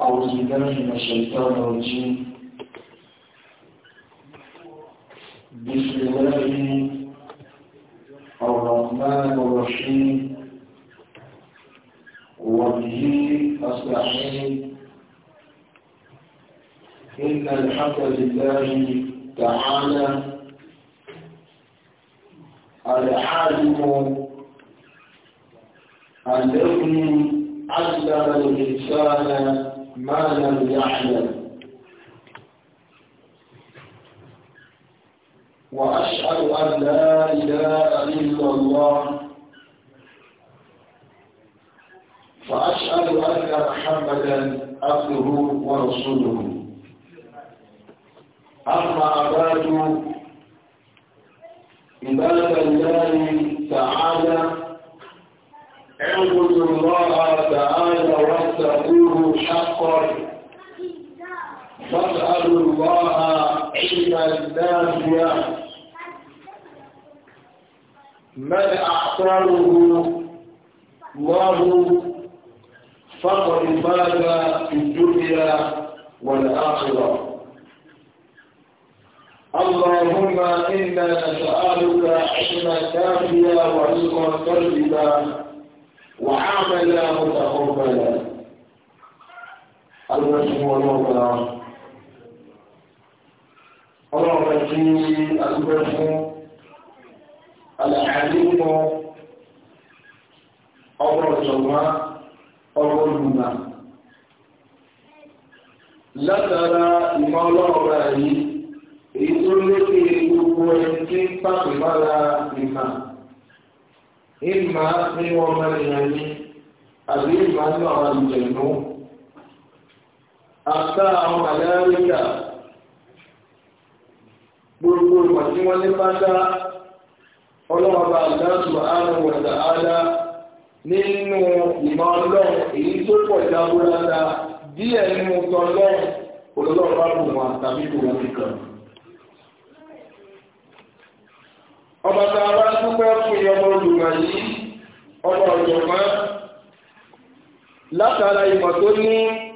أعوذ بالله من الشيطان الرجيم بسم الله الرحمن الرحيم وبه أستعين إن الحمد لله تعالى العالم الذي علم الإنسان ما لم يعلم وأشهد أن لا إله إلا الله وأشهد أن محمدا عبده ورسوله أما بعد عباد الله تعالى اعبدوا الله تعالى واتقوه حقا واسألوا الله علما نافعا من أحسنه الله فقد فاز في الدنيا والآخرة اللهم إنا نسألك علما نافعا ورزقا طيبا وعملا متقبلا المسلم والمولى ọlọ́run ẹ̀sìn àdúgbò fún alàhàlímọ̀ ọgbọ̀n ọ̀jọ̀gbọ́n ọgbọ̀n olùgbà látara ìmọ̀ ọlọ́run rẹ̀ yìí èyí tó lékè gbogbo ẹni tí pàpè mára ìmọ̀ ìmà ní ọmọ ènìyàn ní àbí ìmà ní àwọn àlùjẹ̀nú àtà àwọn àlẹ́ríkà gbogbo ìmọ̀ tí wọ́n ní pátá ọlọ́mọba àdáàtù àrùn wọ̀dà àdá nínú ìmọ̀ ọlọ́run èyí tó pọ̀ ọba tá a bá dúpẹ́ fún ọmọ olùmọ̀ yìí ọmọ ọ̀jọ̀gbọ́n látara ìmọ̀ tó ní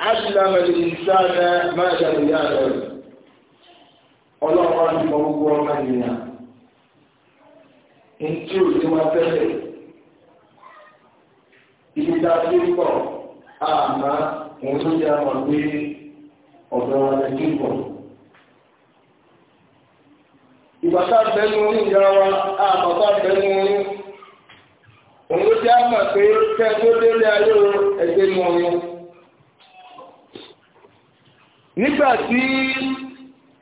áṣìlámẹ̀lì ìsáàdá máa ṣàlùyà rẹ̀ ọlọ́pàá ti mọ gbogbo ọmọ ènìyàn ntí ò ní wá tẹ́lẹ̀ ibi tá a ti ń bọ̀ àmọ́ òun ló jẹ́ àwọn pé ọ̀dọ́ wa ti bọ̀ ìgbàtà bẹnu oyún ìyá wa àbàbà bẹnu oyún òun ló jẹ́ àmà pé kẹ́ tó délé ayé o ẹgbẹ́ nu oyún. nígbà tí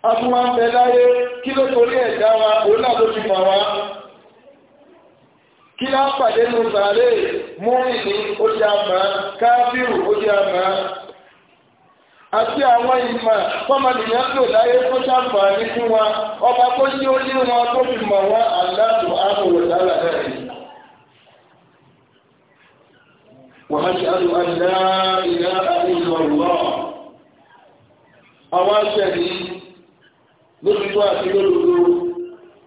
a tún máa ń bẹ láyé kí ló torí ẹ̀dá wa òun náà ló ti fà wá kí lá pàdé nu sàárè múrin ní ó ti àmà káfíù ó ti àmà. àti àwọn ìmọ̀ fọ́mọnìyàn tó láyé tó ṣàǹfààní fún wa ọba tó yí ó yí wọn tó fi mọ̀ wọn àdáàtò àbòwò dára rẹ̀. àwọn àti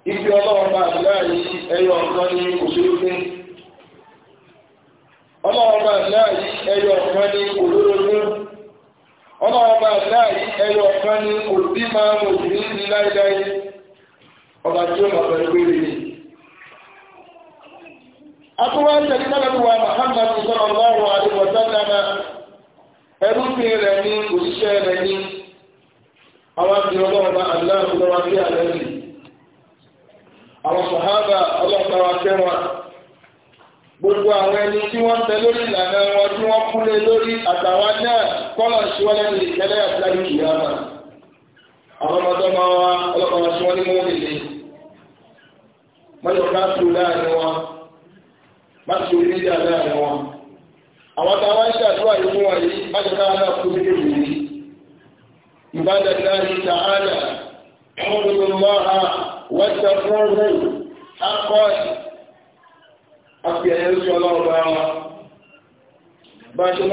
ibi ọlọ́run bá àdúrà ẹyọ ọ̀kan ní òṣèlú ọlọ́run ọlọ́wọ́ bá láì ẹyọ kan ní kò sí máa ń òjì ní ní láíláí ọba tí ó máa bẹ̀rẹ̀ péré ni. akọ́wá tẹ̀lé sábẹ́bí wa Muhammad sallallahu alaihi wa sallam ẹrúfin rẹ̀ ní òṣìṣẹ́ rẹ̀ ní àwọn àti ọlọ́wọ́ bá aláàbò lọ́wọ́ sí àlẹ́ yìí àwọn sàhábà ọlọ́pàá wa fẹ́ràn gbogbo àwọn ẹni tí wọ́n tẹ lórí ìlànà wọn tí wọ́n kúlé lórí àtàwọn náà kọ́lọ̀ ṣíwọ́lẹ́ ní ìtẹ́lẹ̀ àtìláyé kìyàmà àwọn ọmọdé ọmọ wa ọlọ́kọ̀ọ́ ṣíwọ́n ní mọ́wọ́n lè mọ́jọ káàtó láàrin wọn má ti orí níjà láàrin wọn àwọn tá a wá ń ṣàdúrà yìí fún wọn yìí má ti ká náà kú nílé yìí ìbádàá láàrin tààlà ọmọdé ọmọ wa wọ́n ti àti sí ọlọ́run bá wọn. a ṣe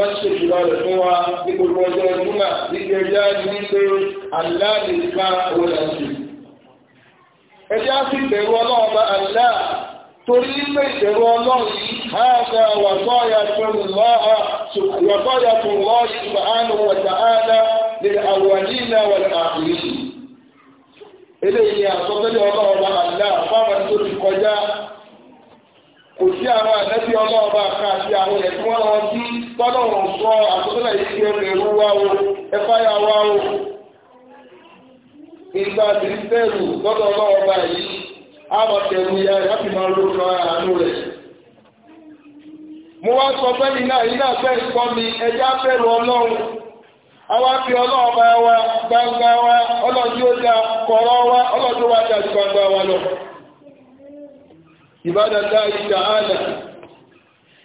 máa wa torí pé ìbẹ̀rù ọlọ́run yìí hàdà wàtọ́yà tó lọ́ subhanahu wa ta'ala lil awwalina wal akhirin. eléyìí kò sí àwọn àtẹ́sí ọlọ́ọ̀bá kan àwọn ẹ̀ tí wọ́n sí tọ́lọ̀ sọ àtọ́tọ́lẹ̀ yìí ṣe ẹ̀rọ wa o ẹ̀fáyà wa o ìgbà tí ya láti máa ló ka àánú rẹ̀. mo wá sọ fẹ́mi náà yìí fẹ́ kọ́ mi ẹja bẹ̀rù ọlọ́run àwa fi ọlọ́ọ̀bá wa gbangba wa ìbádàlá ìtàhálà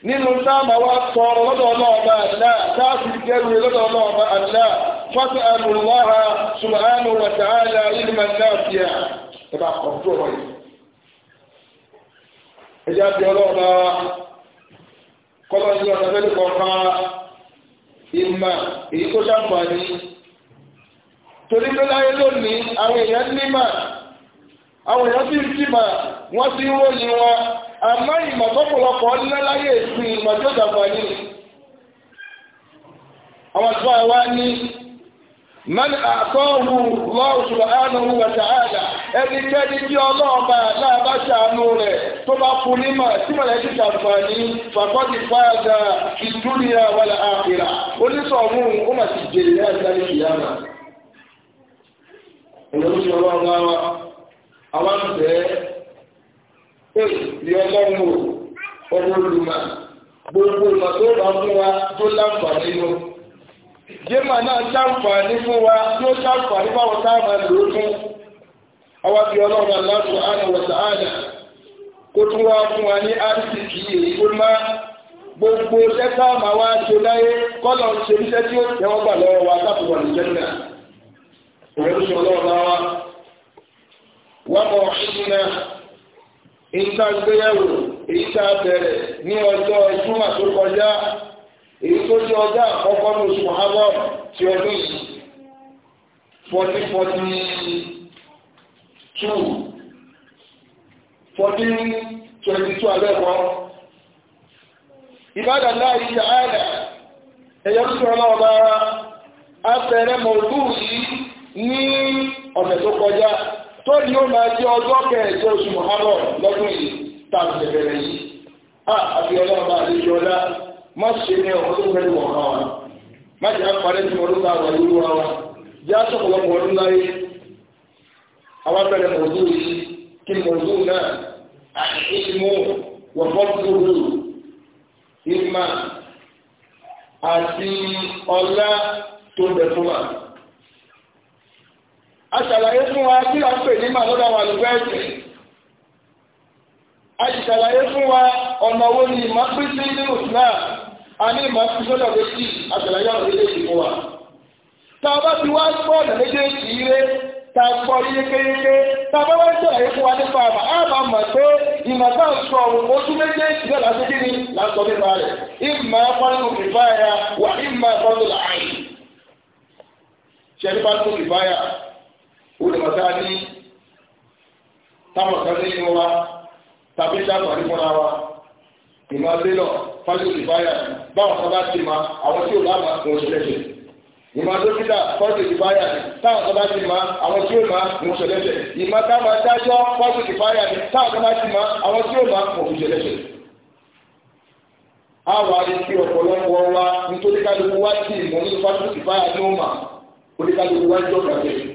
nínú táàmà wá tọrọ lọ́dọ̀ ọlọ́ọ̀bá àdá táàfì gẹ́rù lọ́dọ̀ ọlọ́ọ̀bá àdá fọ́tí àmúláha subhanahu wa ta'ala ilman nafi'a ẹ̀bá kọ̀ọ̀tọ̀ rọ̀ yìí ẹjá bí ọlọ́ọ̀bá kọ́lọ́ ní ọ̀nà fẹ́lẹ́ kọ̀ọ̀kan ìmà àwọn èèyàn sì ń mà wọ́n sì ń ròyìn wọn àmọ́ ìmọ̀ tọ́pọ̀lọpọ̀ níláyé ìsìn ìmọ̀ tó dàgbàní. àwọn àti wọn wá ní mẹ́ni àtọ́wù lọ́ọ̀ṣùlọ́ àánú wa ta'ala tí ọlọ́ọ̀bà náà bá ṣàánú rẹ̀ tó bá fún ní mà tí mọ̀lẹ́ ti ṣàǹfààní fàkọ́tì ìdúnìyà ó mà ti jèrè àwọn bẹ́ẹ̀ èyí ni ọlọ́run o ọmọ olùmọ̀ gbogbo ìmọ̀ tó bá fún wa tó láǹfààní lọ. Jéèmà náà ṣàǹfààní fún wa tó ṣàǹfààní báwọn táwọn máa lò ó fún. Àwọn bí ọlọ́run aláṣọ àná wọ̀sà àná kó tún wá fún wa ní àrísìkì èyí tó má gbogbo ṣẹ́fà máa wá ṣe láyé kọ́lọ̀ ṣe iṣẹ́ tí ó tẹ́wọ́ gbà lọ́wọ́ wa láti wà ní jẹ́nà. Òwe ń ṣe ọlọ́run náà wá. وموعدنا إن كان بيو إيسا ní ọjọ́ ìjúmọ̀ tó kọjá èyí tó jẹ́ ọjọ́ àkọ́kọ́ ní oṣù ti ọdún yìí 1422 forty two náà yìí ẹ̀yọ́ a fẹ́rẹ́ mọ̀ọ́dún yìí ní ọ̀sẹ̀ tó kọjá. tó ní ó máa jẹ́ ọjọ́ kẹẹ̀ẹ́jọ́ oṣù Muharram lọ́dún yìí táwọn ìbẹ̀rẹ̀ yìí a àfi ọlọ́run bá àlejò ọlá má ṣe ní ọmọ tó fẹ́ẹ́ wọ̀ ọ́ wa má jẹ́ àpárẹ́ tí mo ló bá wà lórí wa wa jẹ́ àṣọ̀pọ̀lọpọ̀ ọdún láyé àwọn abẹ́rẹ́ mọ̀ọ́dún yìí kí mọ̀ọ́dún náà àìsímú wọ̀fọ́dúró ìmà àti ọlá tó bẹ̀ fún wa. a fún wa kí à ń pè ní màlúdà wà ẹ̀sìn a sì ṣàlàyé fún wa ọ̀nà wo ni ìmọ̀ pín sí naa, islam a ní ìmọ̀ pín sọ́dọ̀ méjì a ṣàlàyé ọ̀nà méjèèjì wa a bá ti wá ọ̀nà méjèèjì ire bá wá ṣàlàyé fún wa nípa àmà á máa mọ̀ pé ìmọ̀ tá a sọ òun méjèèjì náà láti kí ni láti sọ nípa rẹ̀ ìmọ̀ fọ́nù ìfáyà wà olùmọ̀tá ní táwọn kan nínú wa tàbí sábà nípọ̀nà wa ìmọ̀ abélọ̀ fájú ìbáyà báwọn kan bá ti ma àwọn tí ò láàmà kò ń ṣẹlẹ̀ ìmọ̀ dókítà fájú ìbáyà táwọn kan bá ti ma àwọn tí ò má kò ń ṣẹlẹ̀ ìmọ̀ táwọn adájọ́ fájú ìbáyà táwọn kan bá ti ma àwọn tí ò má kò ń ṣẹlẹ̀ àwa lè fi ọ̀pọ̀lọpọ̀ wa nítorí kálukú wá sí ìmọ̀ nínú fásitì báyà ní ó mà oníkálukú wá jọ̀ọ́ kàkẹ́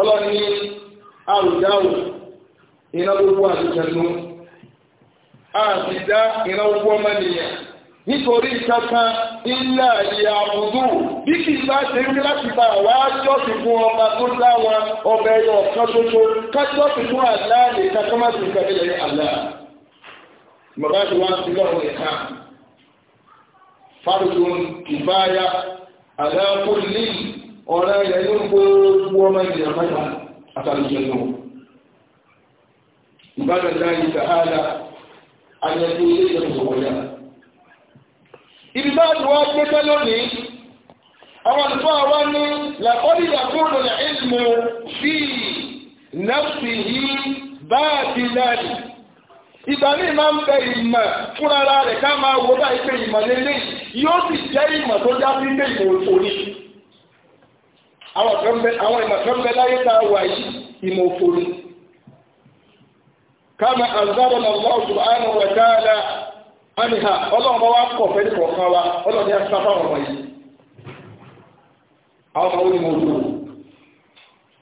ọlọ́run ní àrùdáwù iná gbogbo àtìjẹnu àtìdá iná gbogbo ọmọnìyàn nítorí kankan ilé àyè àbùdù bí kì í bá ṣe ń láti bá wá jọ́sì fún ọba tó ọba ẹyọ ọ̀kan ṣoṣo ká jọ́sì fún àlá lè àlá. bàbá ti wá sí fáwọn ìbáyà àlá kò ọ̀rẹ́ ya ló ń gbogbo ọmọ ìdìyà ìbádọ̀dá ilé lónìí àwọn ní làkọ́lì ní ìlmù yìí bá láàyè. ìgbà ń bẹ ìmọ̀ fúnra rẹ̀ ká máa báyìí pé ìmọ̀ lélẹ́yìn yóò sì jẹ́ ìmọ̀ tó sí ìmọ̀ òní. àwọn ìmọ̀ láyé tá a wà ìmọ̀ kama azara na Allah subhanahu wa ta'ala aniha ọlọ́run kọ̀ fẹ́ nípa ọ̀kan wa ọlọ́run ní ọ̀rọ̀ yìí àwọn ọmọ onímọ̀ òdò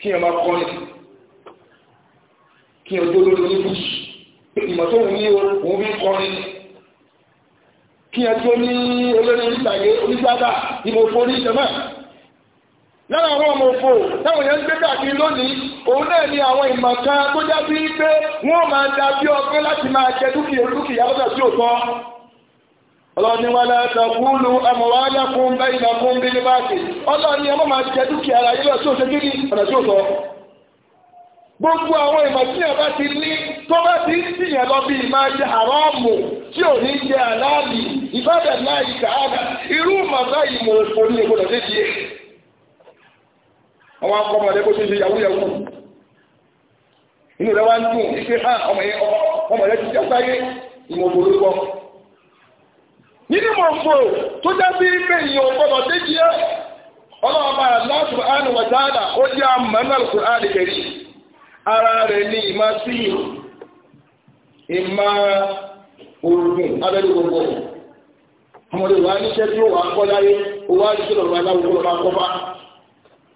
kí ẹ máa kọ́ni kí ẹ dúró lórí bùsù ìmọ̀ ní òun bí kọ́ni kí ẹ tó ní olórí ìtàgé onígbàdà ìmọ̀ òfò ìjọba lára àwọn ọmọ òfò táwọn èèyàn ń gbé káàkiri lónìí òun náà ni àwọn ìmọ̀ kan tó já sí pé wọ́n máa da bí ọgbẹ́ láti máa jẹ dúkìá dúkìá lọ́dọ̀ sí òtọ́ ọlọ́ni wà látàkúlù amọ̀wáyàkún bẹ́yìnàkún bí níbàtì ọlọ́ni ọmọ máa jẹ dúkìá ara yílọ̀ tí gbogbo àwọn ìmọ̀ tí ti ní tó bá ti ń lọ bí ọwọ́ akọ ọmọ rẹ bó ṣe ṣe yahoo yahoo inú rẹ wá ń dùn ife hàn ah, ọmọ yẹn ọmọ rẹ ti já sáyé ìmọ̀ òbòrò kọ. nínú mọ̀fò tó já sí ilé ìyẹn ògbọ́dọ̀ déjì ẹ́ ọlọ́ọ̀bà aláṣù àánú wàtàdà ó jẹ́ àmàlà Kùránì kẹrì ara rẹ̀ ní ìmá sí ìmá òrùn abẹ́lẹ̀ gbogbo ọmọdé wa níṣẹ́ tí ó wà á kọ́ láyé ó wá ní sọ́dọ̀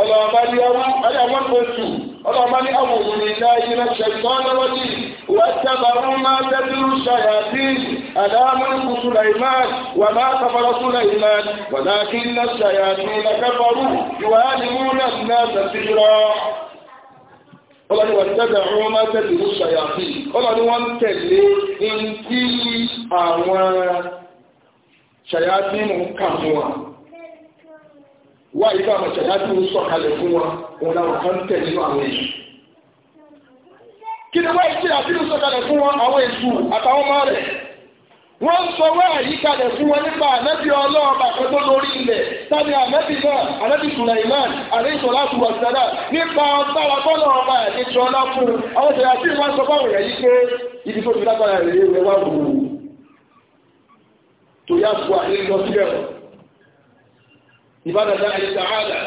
ọlọ́ọ̀bá ní ọwọ́ oṣù ọlọ́ọ̀bá ní àwọn òmìnir ilá ilẹ̀ ṣẹ̀tọ́ lọ́wọ́dì wọ́n sábà ń máa tẹ́tírú ṣàyàtì àdámọ́lùkù Sulaiman wà máa kọfọ́rọ́ Sulaiman wà náà kí ń lọ ṣàyàtì ìwà ní múlẹ̀ náà tẹ̀síjọ́ ọlọ́ni wá ibà àmàṣàdá tí ó sọ̀kalẹ̀ fún wa òun làwọn kan tẹ̀ nínú àwọn èṣù kí ni wáyé tí àbílù sọ̀kalẹ̀ fún wọn àwọn èṣù àtàwọn ọmọ rẹ̀ wọ́n sọ wáyé yíkalẹ̀ fún wọn nípa ànábì ọlọ́ọ̀bà pẹ̀lú lórí ilẹ̀ tàbí ànábì náà ànábì Sulaiman àríṣọlá tùwàsílá nípa ọgbàrá ọba àdéjọ ọlá fún ìbádàdá àyíká àádà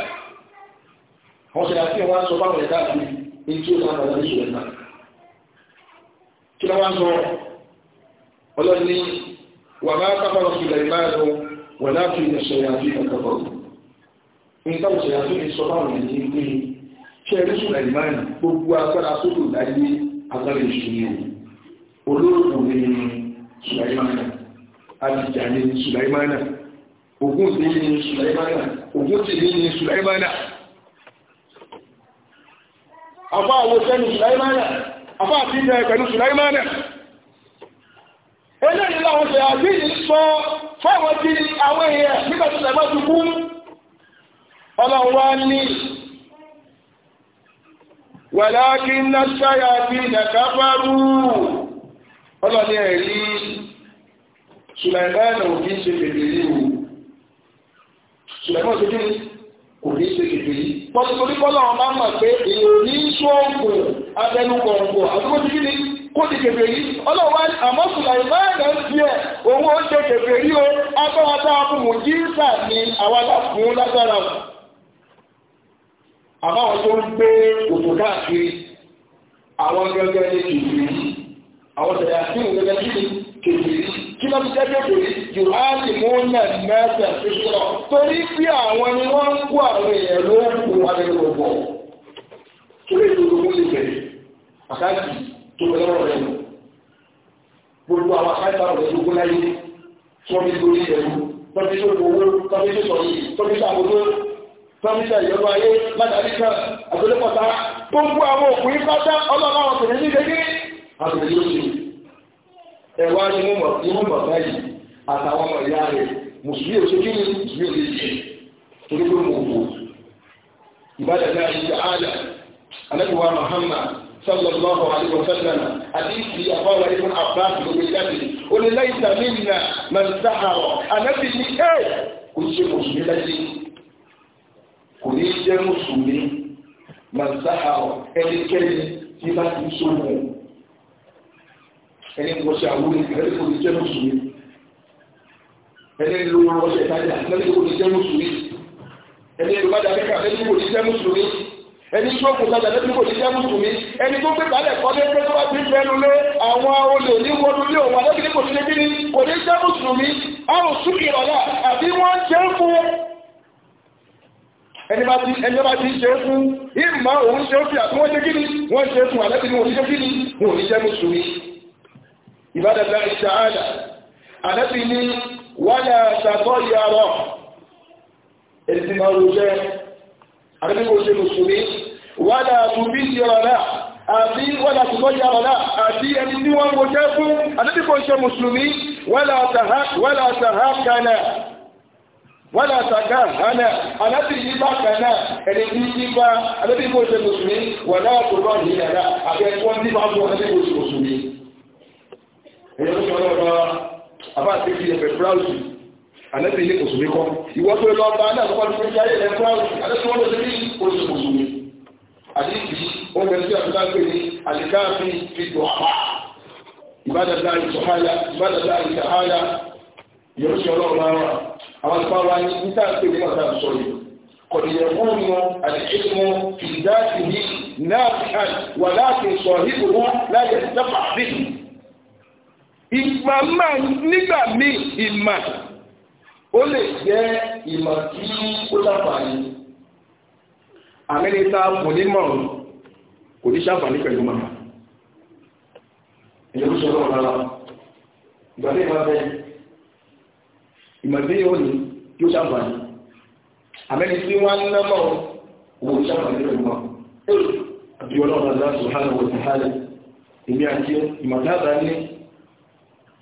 wọ́n ṣe àfihàn wá sọ báwọn ẹ̀dá àti ní tí ó sábà ní ìṣòro náà kí ló wá sọ ọlọ́ni wà bá kábàrọ̀ sílẹ̀ ìmáàlú wà láti ní ṣe àti ìkàkọ̀ ní táwọn ṣe àti ní sọ báwọn ẹ̀dá ní ṣe ẹ̀rí sílẹ̀ ìmáàlú gbogbo agbára sódò láyé agbára ìṣòro olóògùn ní Sùlàìmánà àti ní ogún tí ní ṣùlẹ́mánà afá àwọn sẹ́nu ṣùlẹ́mánà afá àti ìjẹ ẹ̀kẹ̀lú ṣùlẹ́mánà eléyìí láwọn ṣe àbí ìsọ fáwọn tí àwọn èèyàn nígbà tí ṣẹ̀mọ́ ti kú ọlọ́wọ́ ní wàláàkí náṣáyà bí ìdàkáfàrú ọlọ́ni ẹ̀rí ṣùlẹ́mánà òfin ṣùgbọ́n ṣe kíni kò ní ṣe kìkì yìí. pọ́tùtùrí kọ́lọ́ ọmọ mọ̀ pé èyí ò ní ṣóògùn abẹnugọ̀ǹgọ̀ àdúgbò ti kíni kó ti kèfè yìí ọlọ́wọ́ àmọ́ sùlàyé máa ń fi ẹ̀ owó ṣe kèfè yìí o agbára tá a fún jíńsà ni àwa láfún lágbára o. àbáwọn tó ń gbé òtò káàkiri àwọn gẹ́gẹ́ ní kèfè yìí àwọn tẹ̀lé àti òun gẹ́gẹ́ ní kèfè yìí kí ló ń jẹ́ bèbè jùlọ́ọ̀lì múnà mẹ́ta sísọ torí pé àwọn ni wọ́n ń kó àwọn èèyàn ló ń kó abẹ́rẹ́ ọ̀pọ̀ kí ló ìlú ogun lè bẹ̀rẹ̀ àkáàkì tó bẹ̀rẹ̀ ọ̀rọ̀ rẹ̀ gbogbo àwọn akáàkì àwọn ọ̀rẹ́ ogun láyé tí wọ́n fi lórí ẹ̀rú tọ́bí tó gbowó tọ́bí tó sọ yìí tọ́bí tó àgbógbó tọ́bí tó ìyọ́nú ayé látàrí kan àgbélépọ̀ta gbogbo àwọn òkú yìí pátá ọlọ́run àwọn tòun ní ẹ wá ní mọ̀mọ́ ní mọ̀mọ́ báyìí àtàwọn ọmọ ìyá rẹ̀ mùsùlùmí ò sókè ní mùsùlùmí ò lè jẹ torí pé mo wò ìbàdàn náà ṣe àádà anábìwá Muhammad sallallahu alaihi wa sallam àdìsí àbáwá ibùn Abbas ló gbé jáde ó ní láì sàmì nà màsáhàrọ̀ ànábì ní ẹ̀ kò ṣe mùsùlùmí láyé kò ní jẹ́ mùsùlùmí màsáhàrọ̀ ẹnikẹ́ni tí bá ti sóhun ẹni kò ṣe àwọn olùkọ́ ẹni kò ní jẹ́ mùsùlùmí ẹni ló wọn wọ́n ṣe ìtajà ẹni kò ní jẹ́ mùsùlùmí ẹni ló bàjẹ́ kíkà ẹni kò ní jẹ́ mùsùlùmí ẹni ṣọ́ọ̀kù tajà ẹni kò ní jẹ́ mùsùlùmí ẹni tó gbé balẹ̀ kọ́ lé pé tó bá ti ń fẹ́nu lé àwọn olè ní wọnú lé òun alẹ́ kìíní kò ní kí ni kò ní jẹ́ mùsùlùmí àrùn súnkì ọ̀la àbí wọ́n jẹ́ fún ẹni bá ti ẹni bá ti ṣe é fún ìmọ̀ òun ṣe é fún àti wọ́n ṣe kí ni wọ́n ṣe é fún alẹ́ kìíní wọ́n ṣe kí ni wọ́n ní jẹ́ mùsùlùmí عباد الله تعالى أنا بني ولا تطير إذن أرجاء أنا بني وجه المسلمين ولا تبذر لا أبي ولا تطير لا أبي أن بني وجهه أنا بني وجه المسلمين ولا تهاك ولا تهاك أنا ولا تكهنا أنا بني باكنا أنا بني با أنا بني وجه المسلمين ولا تبذر لا أبي أن بني وجه المسلمين èyí ló sọ ọlọ́run bá àbá àti ìdí ẹ̀fẹ̀ fúráùsì ànẹ́bí ilé kòsùnmí kọ́ ìwọ́n tó lọ bá náà lọ́pàá tó jáyé ẹ̀ fúráùsì àdéṣe wọn ló ti ní oṣù kòsùnmí àdéṣe wọn bẹ̀rẹ̀ sí àtúntà pé ní àlìkáàfin fi dùn àpá ìbádàdà ìtòhálà ìbádàdà ìtàhálà yóò ṣe ọlọ́run bá wà àwọn àlùfáà wa ní níta pé ní ọ̀tá sọ̀rọ̀ kọ̀dìyàgbọ́n wọn àdéṣe في ذاته نافعا ولكن صاحبه لا ينتفع به ìmọ̀ máa nígbà míì ìmọ̀ ó lè jẹ́ ìmọ̀ tí ó láǹfààní àmẹ́ríkà kò ní mọ̀rún kò ní ṣàǹfààní pẹ̀lú màmá ìyẹn sọ lọ́wọ́ rárá ìgbà tí ìmọ̀ bẹ́ẹ̀ ìmọ̀ tí yóò ní yóò ṣàǹfààní àmẹ́ríkà tí wọ́n ń ná mọ̀rún kò ní ṣàǹfààní pẹ̀lú màmá àbí ọlọ́run aláṣọ hàn wọ̀ sí hàn èmi àti ìmọ̀ ní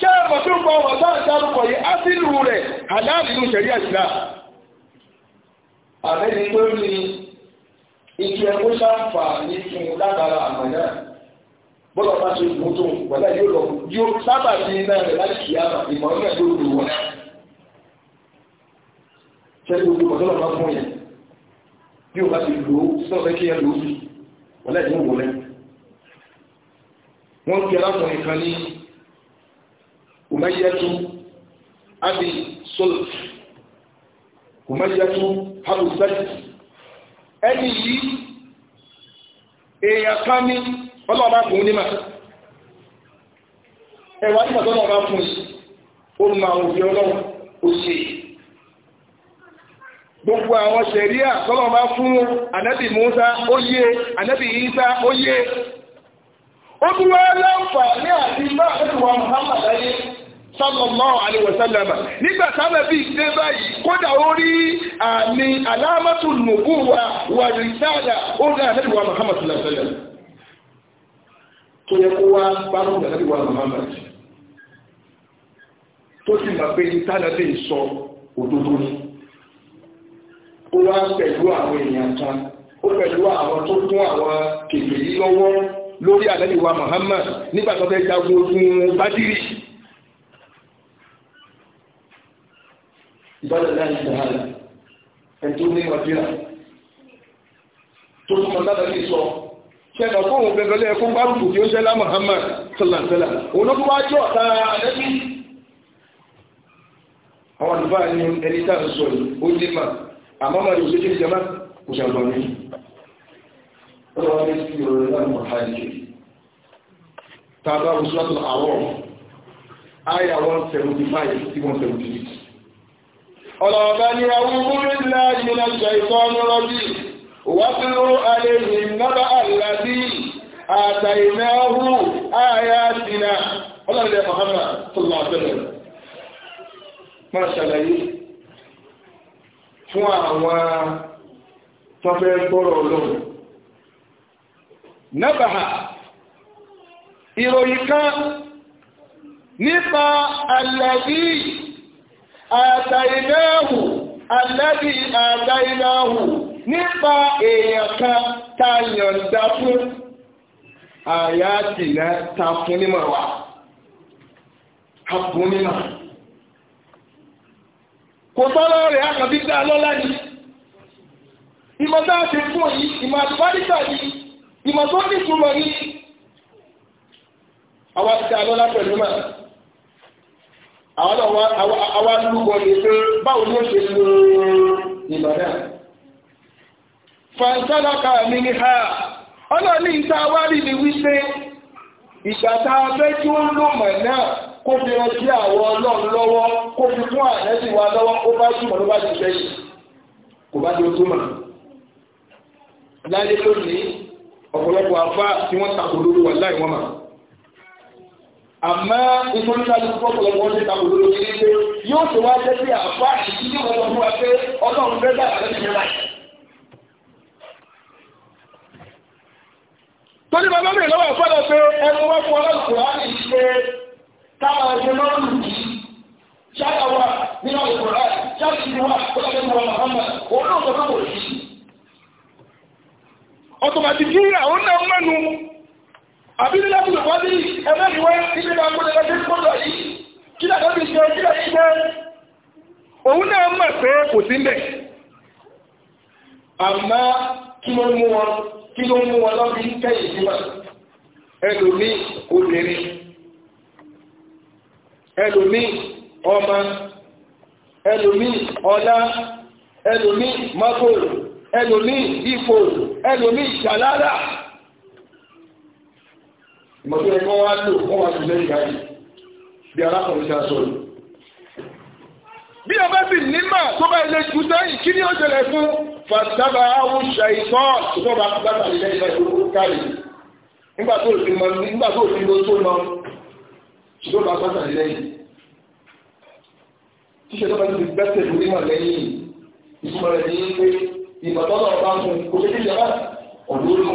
ṣé àmọ̀túnpọ̀ ọ̀dọ́ ìdárúkọ yìí á sí ìlú rẹ̀ aláàbí ní ìṣẹ̀rí àṣìlá àbẹ́ni tó ní ìtú ẹ̀kọ́ ṣàǹfà ní fún lágbára àmọ̀ náà bá ṣe mú tó yóò lọ yóò sábà ní iná láti kì kùmáyẹ́tú abi solf kùmáyẹ́tú habusati ẹni yìí èèyàn kan ní ọlọ́ọ̀bá kùn ní mà ẹ̀wà nígbà tó lọ́ọ̀bá fún yìí ó ma òfin ọlọ́run ó ṣe gbogbo àwọn sẹ̀ríà tọ́lọ́ọ̀bá fún ànábì Musa ó yé ànábì Isa ó yé ó dúró láǹfà ní àti bá ẹ̀dùn Muhammad ayé sallallahu alaihi wasallam nígbà sábẹ̀ bí dé báyìí kódà ó rí àmì alámọ́tò nùbú wa wà rìsáàdà ó rí àmì wa Muhammad sallallahu alaihi wasallam tó yẹ kó wá bárò àmì wa Muhammad tó sì mà pé tánàdé sọ òdodo ni ó wá pẹ̀lú àwọn èèyàn kan ó pẹ̀lú àwọn tó kún àwọn kèfèrí lọ́wọ́ lórí àmì wa Muhammad jagun ogun bádìrì ìbádà láì sàhálà ẹni tó ní wàdíà tó tún mọ̀tàdà lè sọ kẹta fún òun gẹgẹlẹ ẹkún bá rúkú tí ó ṣẹlá Muhammad sallasala òun ló wá jọ ọ̀tá ẹbí àwọn àdúgbà ní ẹni tá à ń sọ yìí ó dé mà àmọ́ màá yóò ṣe kí ìjọba kò ṣàgbọ́n mi ọ̀rọ̀ wa ní sí ìrọ̀lẹ́ náà mọ̀ hàjì tàbá òṣùwàtò àwọ̀ àyà 175 sí 176 ọlọ́ọ̀bá ni awúgbó ńlá jìnà ṣàìtọ́ nírọ́bí wàtúrú àlejò náà àlàdí àtàìnáhù àyàtìnà ọlọ́ọ̀lẹ́ Muhammad tó máa ṣàlàyé fún àwọn tọ́fẹ́ gbọ́rọ̀ ọlọ́run nábàá ìròyìn kan nípa àlàdí àtàìnáhù alábì àtàìnáhù nípa èèyàn kan tá fún àyà ta fún nímọ̀ wa nímọ̀ kò tọ́lọ́ rẹ̀ àkàbí dá lọ́lá ni ìmọ̀ tá fún yìí ìmọ̀ àtúbádìtà yìí ìmọ̀ tó ní ìtumọ̀ yìí àwọn àti dá pẹ̀lú mọ̀. àwọn àwa lúgbọ yìí pé báwo ni ó ṣe lo ìbàdàn fàǹsálàkà mi ni ha ọlọ́ọ̀ni ìta wá rí ni wípé ìgbà tá a fẹ́ kí ó lòmọ̀ náà kó fi hàn sí àwọn ọlọ́run lọ́wọ́ kó fi fún ànẹ́sì wa lọ́wọ́ ó bá túmọ̀ ló bá ti fẹ́ yìí kò bá ti o túmọ̀ láyé lónìí ọ̀pọ̀lọpọ̀ afá tí wọ́n takò lórí wà láì wọ́n máa. àmọ́ ìfọ́nìkàlù pọ̀pọ̀lọpọ̀ ọdún ìta òdòdó ti rí pé yóò ṣe wá jẹ́ sí àbá ìdíjú ọmọ fún wa pé ọlọ́run bẹ́ẹ̀ bá àlejò láì. torí bàbá mi lọ́wọ́ pé ẹnu fún ọlọ́run kò ní ṣe táwọn ẹgbẹ́ nínú rẹ̀ àbílẹ̀ láti lò wọ́n ní ẹgbẹ́ ìwé níbi máa kó lẹ́gbẹ́ tó lọ yìí kí làdọ́ ti ṣe kí làdọ́ ti ṣe òun náà mọ̀ pé kò sí mbẹ̀ àmọ́ kí ló mú wọn kí ló mú wọn lọ́bí kẹ́yìn sí wọn ẹlòmíì obìnrin ẹlòmíì ọmọ ẹlòmíì ọlá ẹlòmíì mọ́kòrò ẹlòmíì ipò ẹlòmíì ṣàlára ìmọ̀tò ẹ̀kọ́ wá lò wọ́n wá sí lẹ́yìn ayé bí alákọ̀ọ́lù ṣe aṣọ rẹ̀. bí o bá sì nímọ̀ tó bá ilé jù sẹ́yìn kí ni ó ṣẹlẹ̀ fún fàtàbà àwọn ṣàìsọ́ tó bá bá tàbí lẹ́yìn ayé ó kárí nígbà tó fi mọ nígbà tó fi lóso mọ tó bá bá tàbí lẹ́yìn. tíṣe tó bá ti gbẹ́sẹ̀ lórí mọ̀ lẹ́yìn ìtumọ̀ rẹ̀ ní pé ìmọ̀tọ́lọ̀ bá fún òṣèlú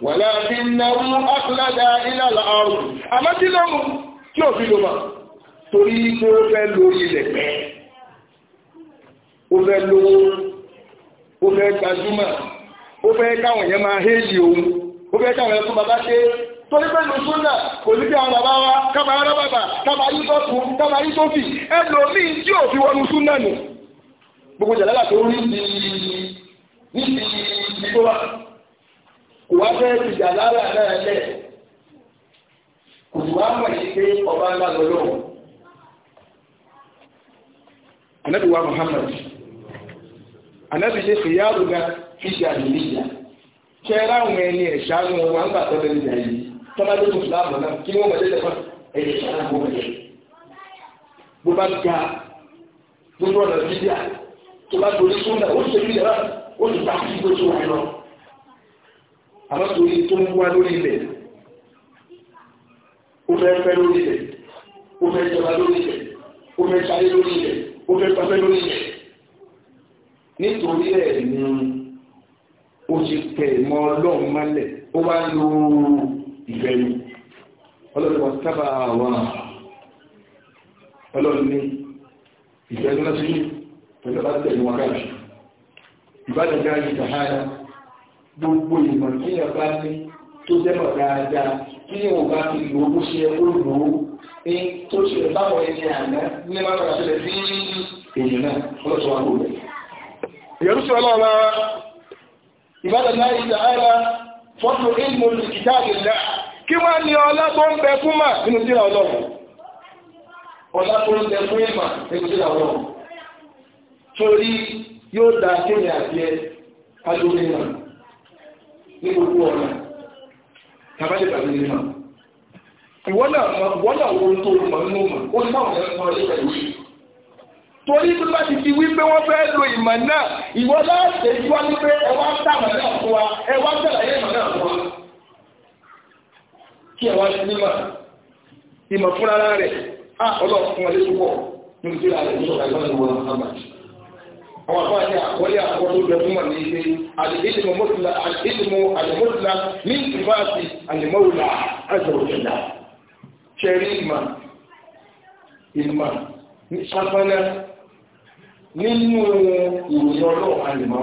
walakinnahu akhlada ila al-ard àmọ́ kí mú kí òfin ló mọ̀ torí pé fẹ́ lórí ilẹ̀ pẹ́ ó fẹ́ lówó ó fẹ́ gbajúmọ̀ ó fẹ́ káwọn èèyàn máa héèlì òun ó fẹ́ káwọn èèyàn tó bàbá ṣe torí pé lóṣù kaba kò ní bí àwọn bàbá wa kábà ara bàbà kábà yí tó kù kábà gbogbo kò wá fẹ́ ti ṣàlára náà lẹ̀ kò wá mọ̀ ọba ńlá lọ́lọ́ Ànábì wa Muhammad Ànábì ṣe fìyà àrùgá fi ṣe àdìlíyà kẹ́ ráwọn ẹni ẹ̀ṣá ní wọn ń gbà tọ́lẹ̀ nígbà yìí tọ́lá tó tún láàmù náà kí wọ́n mọ̀lẹ́ lẹ́fọ́n ẹ̀yẹ ṣáná mú ẹ̀yẹ. bó bá ga gbogbo ọ̀nà bíbíà tó bá torí súnà ó ṣe àmọ́ torí tó ń wá lórí ilẹ̀ ó fẹ́ fẹ́ lórí ilẹ̀ ó fẹ́ jọba lórí ilẹ̀ ó fẹ́ sáyé lórí ilẹ̀ ó fẹ́ pàfẹ́ lórí ilẹ̀ nítorí ẹ̀ ni ó ti tẹ̀ mọ́ ọlọ́run mọ́lẹ̀ ó wá lo ìfẹ́ ọlọ́run wa sábà wà ọlọ́run ní ìfẹ́ lọ́sí pẹ̀lú bá tẹ̀lé wọn káàkiri ìbádàá yìí tàhálà gbogbo ìmọ̀ tí yẹn bá ní tó jẹ́mọ̀ dáadáa kí yóò bá fi lò ó ṣe ó ní tó ṣe báwọn ẹni àná ní máa ń ràṣẹlẹ̀ sí èèyàn náà ọlọ́sọ àbò rẹ̀. ìyẹ̀rú sí ọlọ́run náà ìgbà ara fọ́tò ìmọ̀ ìkìtà àgbẹ̀dá kí wọ́n ní ọlá tó ń bẹ fún mà nínú ní gbogbo ọ̀nà tàbí tàbí nínú ìwọ́nà wọ́nà wọn tó mọ̀ nínú mọ̀ ó ní báwọn ẹ̀sán ẹ̀sán ìwé torí tó bá ti fi wípé wọ́n fẹ́ lo ìmọ̀ náà ìwọ́n náà tẹ̀síwájú wá wípé ẹ wá sàmọ̀ náà fún wa ẹ wá sàlàyé ìmọ̀ náà fún wa kí ẹ wá nímọ̀ ìmọ̀ fúnra rẹ̀ á ah, ọlọ́ọ̀ fún wa púpọ̀ níbi tí a lè ní ọ̀rọ̀ ìbáraẹni wọn àwọn àbá ní àkọlé àkọ́tò lọ́dúnmọ̀ ní ṣe àdìgbìlìmọ̀ mọ́tìlá àdìgbìlìmọ̀ àdìmọ́tìlá ní ìfáàsì àdìmọ́wùlà àjọ̀wòjọ̀dà ṣẹ̀rí ìmọ̀ ìmọ̀ safana sáfẹ́lẹ́ nínú ìròyìn ọlọ́run àlìmọ́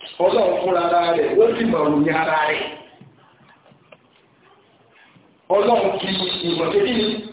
rẹ̀ ó sì mọ̀ òròyìn ara rẹ̀ ọlọ́run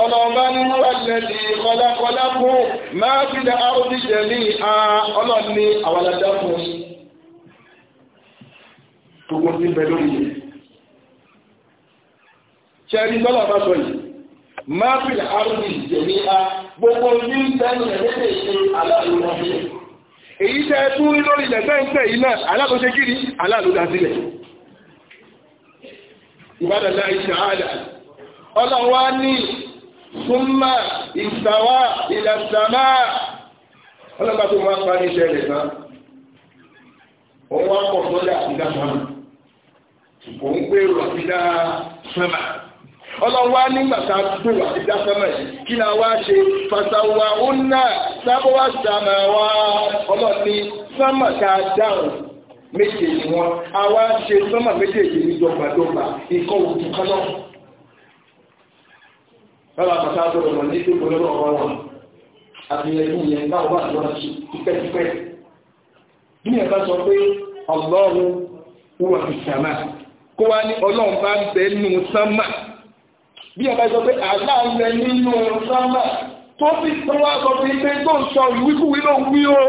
ọlọ́ọ̀bá ní wàlẹ́dì kọlákọlá fún máa fi dá áwọ́dí jẹ́ ní ọlọ́ọ̀ni àwàlàdá fún gbogbo tí bẹ lórí yìí ṣẹ́rí lọ́lọ́ bá sọ yìí máa fi dá áwọ́dí jẹ́ ní a gbogbo ní tẹ́lẹ̀ lẹ́lẹ́ ṣe aláàlú wọn fi èyí tẹ́ tún rí lórí ilẹ̀ tẹ́ǹtẹ́ yìí náà aláàlúṣe kiri aláàlú dá sílẹ̀ ìbádàlá ìṣàádà ọlọ́wọ́ ní súnmà ìsàwà ìlàsàmà ọlọ́pàá tó máa pa ní ìṣẹ̀lẹ̀ náà òun wá pọ̀ sọ́jà ìdá sọ́nà òun gbèrò àtidá sọ́nà ọlọ́wọ́ nígbà tá a gbé wà ìdá sọ́nà yìí kí náà wá ṣe fàtàwà ó náà sábọ́wá sàmà wá ọlọ́ni sọ́nà tá a dáhùn méjèèjì wọn àwa ṣe sọ́nà méjèèjì ní dọ́gbàdọ́gbà ìkọ́ òkú kan lọ́la pàtàkì àgbọ̀dọ̀ mọ̀ ní tó gbọ́dọ̀ ọ̀rọ̀ wọn àtìlẹ́yìn ìyẹn náà wà lọ́la sí tipẹ́tipẹ́ bí ẹ bá sọ pé ọlọ́run wà fi sàmà kó wá ní ọlọ́run bá ń bẹ nínú sánmà bí ẹ bá sọ pé àlá ń bẹ nínú sánmà tó sì tó wá sọ pé pé tó ń sọ ìwíkúwí ló ń wí o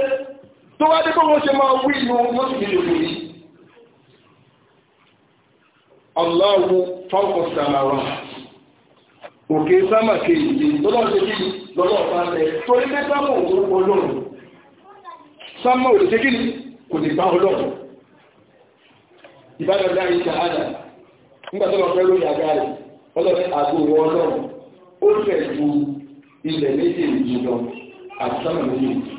tó wá dé bó wọ́n ṣe máa wí inú wọ́n sì lè ọlọ́run fọ́nkọ̀ sàmà òkè sámà kejì lọ́wọ́ ṣe kí lọ́wọ́ bá tẹ̀ torí pé sámà òun ọlọ́run sámà òun ṣe kí ni kò lè bá ọlọ́run ìbádọ́dá yìí ṣàhádà nígbà tó lọ fẹ́ lórí àga rẹ̀ ọlọ́run àgbo ìwọ ọlọ́run ó fẹ̀ ju ilẹ̀ méjèèjì lọ àti sámà méjèèjì.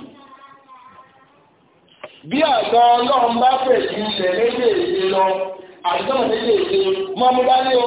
bí àgbà ọlọ́run bá fẹ̀ ju ilẹ̀ méjèèjì lọ àti sámà méjèèjì mọ́mú dání o.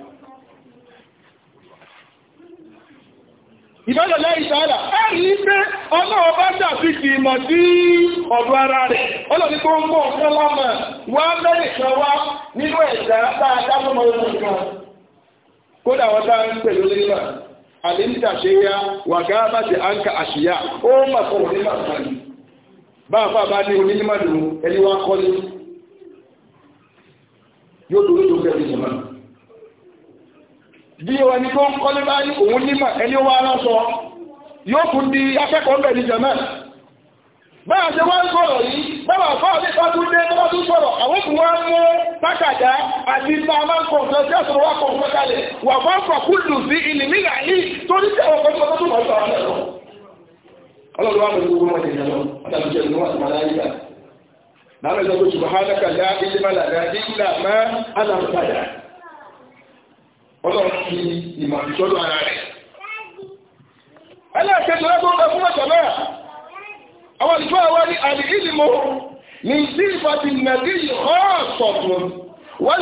ìbádọ̀ lẹ́yìn tààlà ẹ̀rí pé ọlọ́wọ́ bá dàbí kì í mọ̀ sí ọ̀dọ̀ ara rẹ̀ ọlọ́ni tó ń mọ̀ fún lọ́mọ̀ wá mẹ́rin kan wá nínú ẹ̀dá dáadáa tó mọ̀ lọ́mọ̀ kan kódà wọ́n bá ń pè lórí náà àlíńtà ṣe ya wà gáábà ti à ń ka àṣìyá ó mọ̀ fún òní máa fà ní bá a fà bá ní oní ní màdùn ẹni wá kọ́lé yóò lórí tó kẹ́ bí ẹni tó ń kọ́lé bá ní òun nímọ̀ ẹni ó wá aláṣọ yóò tún di akẹ́kọ̀ọ́ bẹ̀ ní jẹ̀mẹ́ báyà ṣe wọ́n sọ̀rọ̀ yìí bábà fáà ní tọ́tún dé tó tún sọ̀rọ̀ àwọn òkú wọn mú pákàdá àti bá a máa ń kọ̀ọ̀kan sí àṣọ wa kọ̀ọ̀kan kalẹ̀ wà fọ́n fà kúlù sí ilẹ̀ nígbà yìí tó ní tẹ̀wọ̀ kan tó tún wọ́n sọ̀rọ̀ lẹ́rọ ọlọ́run wà pẹ̀lú gbogbo wọn kẹ̀kẹ́ lọ ọ̀dàbí jẹ́ ìlú wọn àtàlá Nàbẹ̀lẹ́gbẹ̀ ṣùgbọ́n hánàkà dá ilé mọ́lá dá ilé àmọ́ àlàmọ́tàdà. ọlọ́run ìmọ̀ ìṣọ́dọ̀ ara rẹ̀. ẹlẹ́ẹ̀kẹ́jọ lọ́gbọ́n bá fún ọ̀sán náà àwọn ìjọ àwọn ní àdìgídìmọ̀ ní sí ìfàtí nàbí ọ̀sọ̀tún wọ́n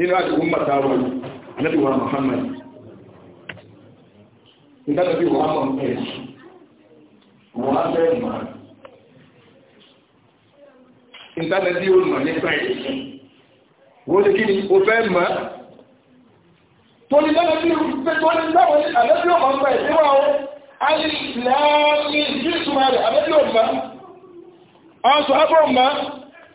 nínú àdìgúnmọ̀ta wọn anábìwà Muhammad ìdájọ́bí wà mọ̀ ẹ̀ṣì wọ́n á bẹ́ẹ̀ mọ̀ ìtànẹ́bí ó mọ̀ nípa ẹ̀ṣì wọ́n lè kí ni ó fẹ́ mọ̀ tóní lọ́nà bí tóní láwọn àlẹ́bí ọmọ ọmọ ẹ̀ṣì wà ó alìsìláàmì jíṣùmọ̀ rẹ̀ àlẹ́bí ọmọ ọ̀sọ̀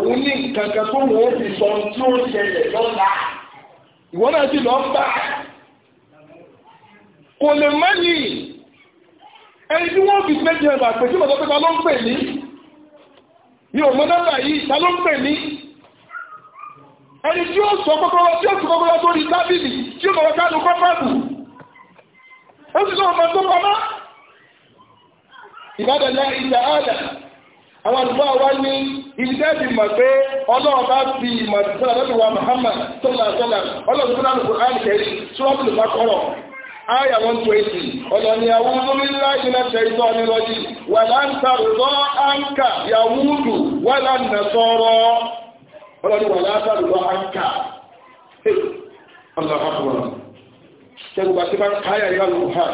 òun ní nǹkan kan tó wọ́n ti sọ tí ó ṣẹlẹ̀ lọ́la ìwọ náà sì lọ bá kò lè má ní ẹni tí wọ́n fi méjì ẹ̀bà pé tí mọ̀tọ́ pé ta ló ń pè ní ní òmò nọ́mbà yìí ta ló ń pè ní ẹni tí ó sọ kọ́kọ́rọ́ tí ó sọ kọ́kọ́rọ́ tó rí tábìlì tí ó kọ̀rọ̀ kánú kọ́pàdù ó sì sọ ọmọ tó pamọ́ ìbádọ́lá ilẹ̀ ààdà àwọn àlùfáà wá ní ìdẹ́bì mọ̀ pé ọlọ́run bá fi ìmọ̀ ìsọ́lá lọ́dún wa Muhammad sọ́lá sọ́lá ọlọ́run fún àlùkò àìkẹ́rì sọ́ọ́bùlù bá kọ́rọ̀ Aya 120, ọlọ́ni àwúrú nílá ìlẹ́ ṣẹ̀tọ́ ní lọ́jí, wà láńtà rùdọ́ áńkà yàwúrú wà láńnà sọ́rọ̀. Ọlọ́ni wà láńtà rùdọ́ áńkà. Ọlọ́run àkùnrin. Ṣẹ́gun bá ti bá ń káyà ìyá lùhà.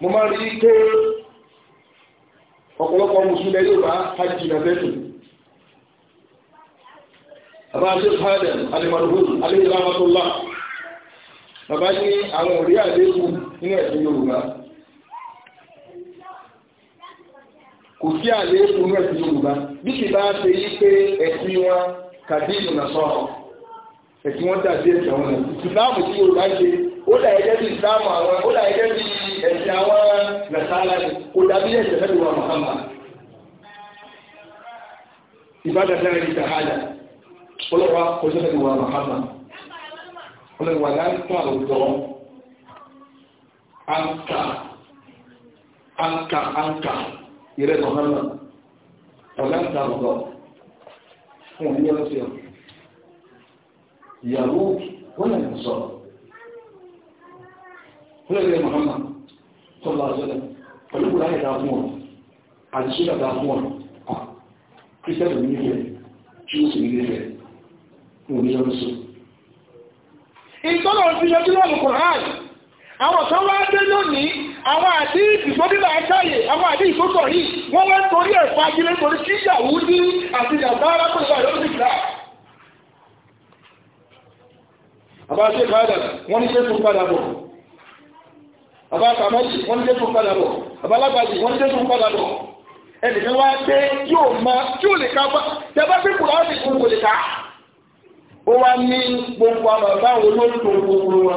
Mo máa rí bàbá ṣe fàdà alimọ̀lùfòsù alẹ́yìnlámọ́tòlá bàbá ní àwọn òrí àdéhù nínú ẹ̀sìn yorùbá kò sí àdéhù nínú ẹ̀sìn yorùbá bí kì bá ṣe yí pé ẹ̀sìn wọn kàdí ìlànà sọ̀rọ̀ ẹ̀sìn wọn dàbí ẹ̀sìn àwọn ọ̀nà ìsìláàmù tí yorùbá ṣe ó dà ẹ̀jẹ̀ bí ìsìláàmù àwọn ó dà ẹ̀jẹ̀ bí ẹ̀sìn àwọn nàṣàlá ni kò dàbí ẹ̀sìn fẹ́ẹ́ ọlọ́wà kọjá lẹ́nu wa mahama ọlọ́wà láńkà ọ̀dọ́ anka anka anka ìrẹ́ mahama ọ̀láńkà ọ̀dọ́ fún ìyá lọ́sẹ̀ ìyàwó wọ́n lè sọ̀rọ̀ wọ́n lè mahama sọ̀rọ̀ àjọyọ̀ pẹ̀lú kúrò ayẹ̀dá fún ọ àti ṣúgbàdá fún ọ kìrìsìtẹ́nì nílẹ̀ tí ó òbí yọjú sí. ìtọ́lọ̀ fi yọjú lọ́nà Qur'an àwọn kan wá dé lónìí àwọn àti ìfòdílà àtàyè àwọn àti ìfòsọ̀ yìí wọ́n wá torí ẹ̀fọ́ ajílẹ̀ torí kí ìyàwó ní àti ìjàmbá arákùnrin bá yọjú sí àbáṣe kádà wọ́n ní jésù padà bọ̀ àbá kàmáṣì wọ́n ní jésù padà bọ̀ àbálábàjì wọ́n ní jésù padà bọ̀ ẹnìkan wá pé yóò máa yóò lè ká bá tẹ́bá sí kùrọ̀ á sì kúrò lè ká ó wá ní gbogbo àwọn gbogbo wa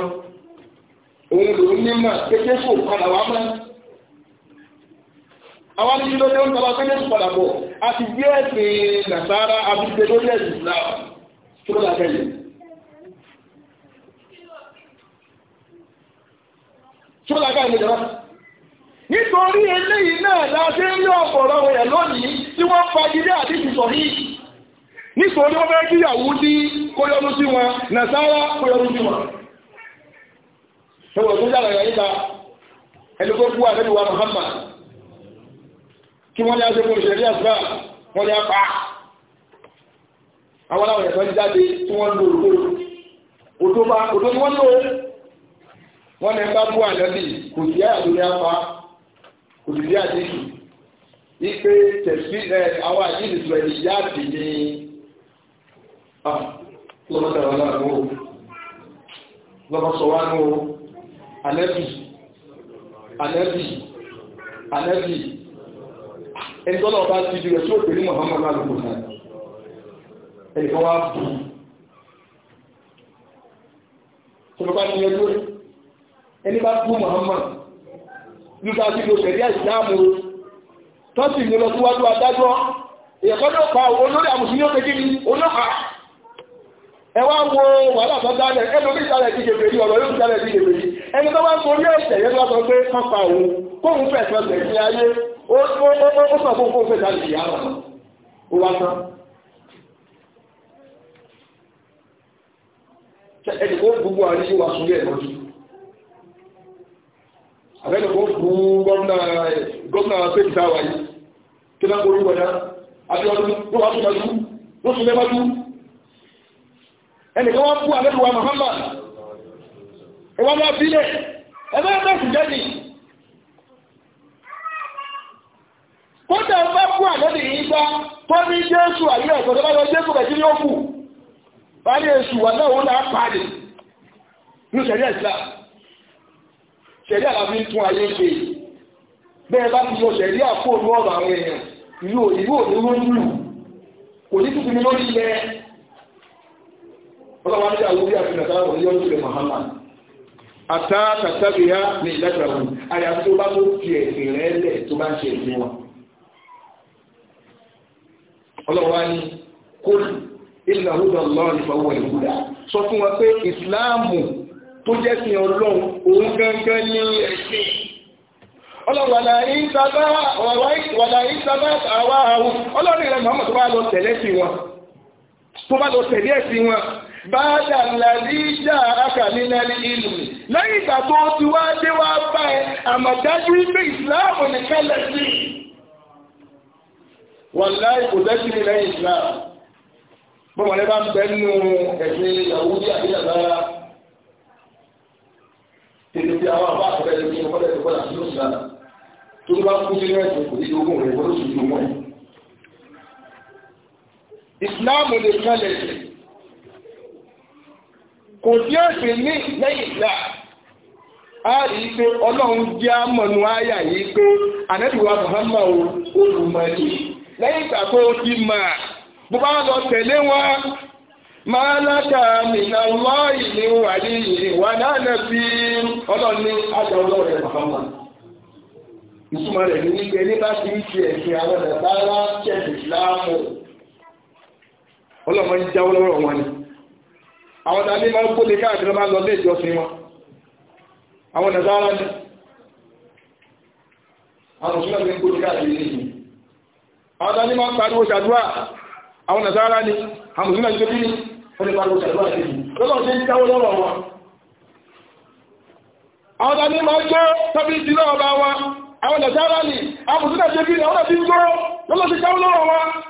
òun ló ní mà kété kò padà wá mọ́ àwọn ní ló dé ń tọ́lá kété kò padà bọ̀ a ti gbé ẹ̀sìn nàṣàrà abúlé lórí ẹ̀sìn islam tó lọ́la tẹ̀lé. nítorí eléyìí náà la ṣe ń lé rẹ̀ lónìí nítorí wọ́n fẹ́ kí ìyàwó dí kóyọ́nú sí wọn nàṣàrà kóyọ́nú sí wọn. ṣọwọ́ tó yàrá yàrá yíta ẹni tó kú àlejò wa Muhammad kí wọ́n ní aṣọ kò ṣẹlẹ̀ àṣìbá wọ́n ní apá. àwọn aláwọ̀ ẹ̀fọ́ ń jáde tí wọ́n lo òdó òdó bá òdó ni wọ́n lò ó. wọ́n ní bá kú àlejò kò sí àyàtò ní apá kò sí àdéhùn ipe tẹ̀sí ẹ̀ àwọn àdéhùn ìṣòro ìyá lọ́mọdé wà láàrin o lọ́mọsọ wá o anẹ́bì anẹ́bì anẹ́bì ẹni tọ́lọ̀ bá ti jù rẹ̀ tí ó pè ní Muhammad alùpùpù náà ẹni kan wá bù tí mo bá ti yẹ lórí ẹni bá bú Muhammad nígbà tí mo tẹ̀lé àìsíláàmù tọ́sí mi lọ síwájú adájọ́ ìyẹ̀kọ́ náà pa olórí àmùsùn ní ó tẹ́kí ẹ wá wo wàhálà tó dálẹ̀ ẹnu bí ìsàlẹ̀ ti gbèbèrè ọ̀rọ̀ yóò ìsàlẹ̀ ti gbèbèrè ẹni tó bá ń borí ẹ̀sẹ̀ yẹn lọ́sọ pé kán pa òun kóun fẹ̀ sọ̀tẹ̀ sí ayé ó sọ fún kóun fẹ̀ sálẹ̀ ìyá rẹ̀ ó wá tán. ẹni kó gbogbo àrí sí wa súnlé ẹ̀ lọ́jú àbẹ́ni kó gbogbo gómìnà pẹ̀lú táwa yìí kí náà kó rí wọ́n náà àti ọdún tó wá tún lọ́jú ló tún lẹ́bàá tún ẹnìkan wọ́n bú abẹ́lúwà Muhammad ẹwọ́n bá bílẹ̀ ẹgbẹ́ ẹgbẹ́ sì jẹ́ ni kódà ń bá bú àlẹ́lì yìí gbá tó ní Jésù àyè ẹ̀kọ́ tó bá lọ Jésù bẹ̀ sí ní òkú bá ní èṣù wà náà ó náà pàdé ní sẹ̀rí ẹ̀sà sẹ̀rí àlàbí tún ayé ṣe bẹ́ẹ̀ bá ti yọ sẹ̀rí àpò òun ọ̀rọ̀ àwọn èèyàn ìlú òní lójú kò ní tuntun ní lórí ilẹ̀ ọlọ́wọ́n ní àwọn bí àti nàtàrà wọ̀nyí ọdún sílẹ̀ Muhammad àtà tàtàbí ya ní ìlẹ́tà wọn àyàfi tó bá tó fi ẹ̀sìn rẹ lẹ̀ tó bá ń ṣe ẹ̀sìn wọn. ọlọ́wọ́n ní kul illa huda Allah fa huwa al-huda sọ fún wa pé ìsìláàmù tó jẹ́ sin ọlọ́run òun gángan ní báadà làlíjà akàmínẹ́lì ìlú lẹ́yìn ìgbà tó ti wá dé wá bá ẹ àmọ̀dájú wípé ìsìláàmù nìkan lẹ́sìn wọ́n láì kò lẹ́sìn ní lẹ́yìn ìsìláàmù bọ́mọ̀ lẹ́ bá ń bẹ́ nínú ẹ̀sìn ìyàwó bí àbíyà lára tètè bí àwọn àbá àtẹ̀lẹ́ ní ọkọ̀lẹ́ ìfọ́lá sí ìsìláàmù tó bá kú sí ẹ̀sìn kò ní ogún rẹ̀ wọ́n ló sì dùn mọ́ ìsìláàmù nìkan lẹ́sìn kò sí ẹ̀sìn ní lẹ́yìn ìgbà a rí pé ọlọ́run jẹ́ àmọ̀nù àyà yìí pé ànẹ́bíwá olùmọ̀lì lẹ́yìn ìgbà ti mọ̀ bó bá lọ tẹ̀lé wọn máa látà mìíràn ní wàlí náà nà ọlọ́run ní rẹ̀ ní ní àwọn tàbí máa ń kó lè káàkiri máa lọ léèjọ sí wọn àwọn nàzára ní àwọn òṣìlẹ̀ ní kó lè káàkiri léèjì àwọn tàbí máa ń pariwo ṣàdúrà àwọn nàzára ní àwọn òṣìlẹ̀ ní kí wọ́n pariwo ṣàdúrà sí lọ́lọ́ ṣe máa ń jó tọ́bí ìdílé ọba wa àwọn nàzára ní àwọn òṣìlẹ̀ ní kí wọ́n lè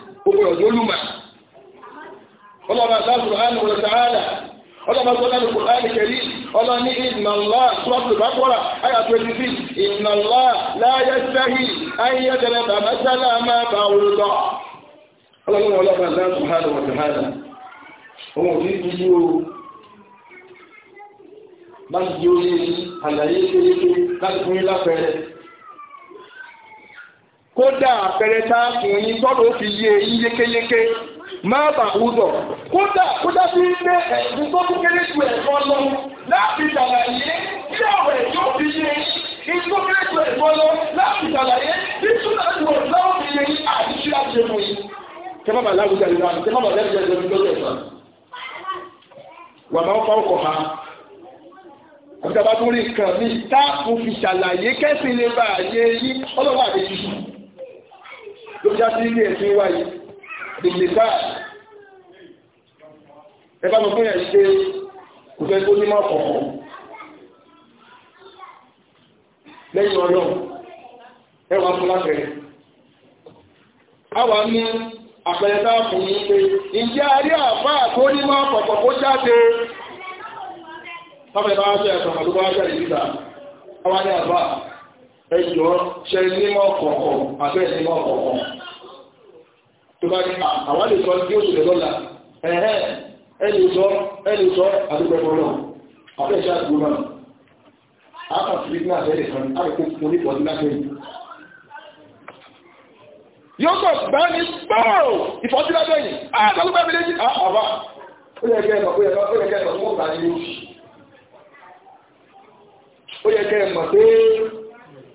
gbogbo ọ̀dọ́ olùmọ̀ ọlọ́ba sáàtùrù hàn wọlé sàárà ọlọ́ba tó lẹ́nu kùránì kẹrí ọlọ́ni ìnàlá sọ́ọ̀tù bákọ́rà àyà 26 ìnàlá láyé sáhì ayé tẹ̀lẹ̀ bàbá sálà máa bá olùdọ́ ọlọ́run ọlọ́ba sáàtùrù hàn wọlé sàárà ọmọ òfin kódà àpẹẹrẹ táàkùn yín tọ́lọ̀ ó fi yé yín yékéyéké má bà ó dọ̀ kódà kódà sí ilé ẹ̀sùn tó tún kéré ju ẹ̀kọ́ lọ láti ṣàlàyé tí ọ̀rọ̀ ẹ̀ yóò fi yé yín tó kéré ju ẹ̀kọ́ lọ láti ṣàlàyé tí túnà ju ọ̀rọ̀ láwọn fi yé yín àti ṣí àṣẹ fún yín. kẹ́ má bà láwùjọ ìlú àti kẹ́ má bà láwùjọ ìlú lórí ẹ̀sán. wà máa ń fọ́nkọ̀ ha àbíkàbá tó rí nǹkan mi táàkùn fi ṣàlàyé kẹ́sìn lè bá àyè yín ọlọ́wọ́ àdéjì ló já sí ilé ẹ̀sìn wáyé ìgbèsà ẹ bá mi fún yẹn ṣe kò fẹ́ tó nímọ̀ ọ̀kọ̀ọ̀kọ̀ lẹ́yìn ọlọ́run ẹ wà fún lápẹ̀rẹ̀ àwa ní àpẹẹrẹ táà fún yín pé ìjẹ́ àrí àfáà tó nímọ̀ ọ̀kọ̀ọ̀kọ̀ kó jáde tábẹ̀rẹ̀ bá wá sọ ẹ̀sọ̀ àdúgbò wá sọ ìdíta àwa ní àfáà ẹjọ́ ṣe nímọ̀ kọ̀ọ̀kan abẹ́ nímọ̀ kọ̀ọ̀kan tó bá ní àwọn lè sọ ó ṣe lè lọ́la ẹ̀hẹ́ ẹlù sọ ẹlù na àdúgbẹ́kọ̀ọ́ náà náà àpà sí ní àbẹ́lẹ̀ kan àpò fún ní pọ̀ yóò kọ̀ bá ní bọ́ọ̀ ìfọ́sílẹ̀ yìí àtàlùbẹ́ mi léjì àbá ó yẹ kẹ́ ẹ̀mọ̀ ó yẹ kẹ́ ẹ̀mọ̀ ó yẹ kẹ́ ẹ̀mọ̀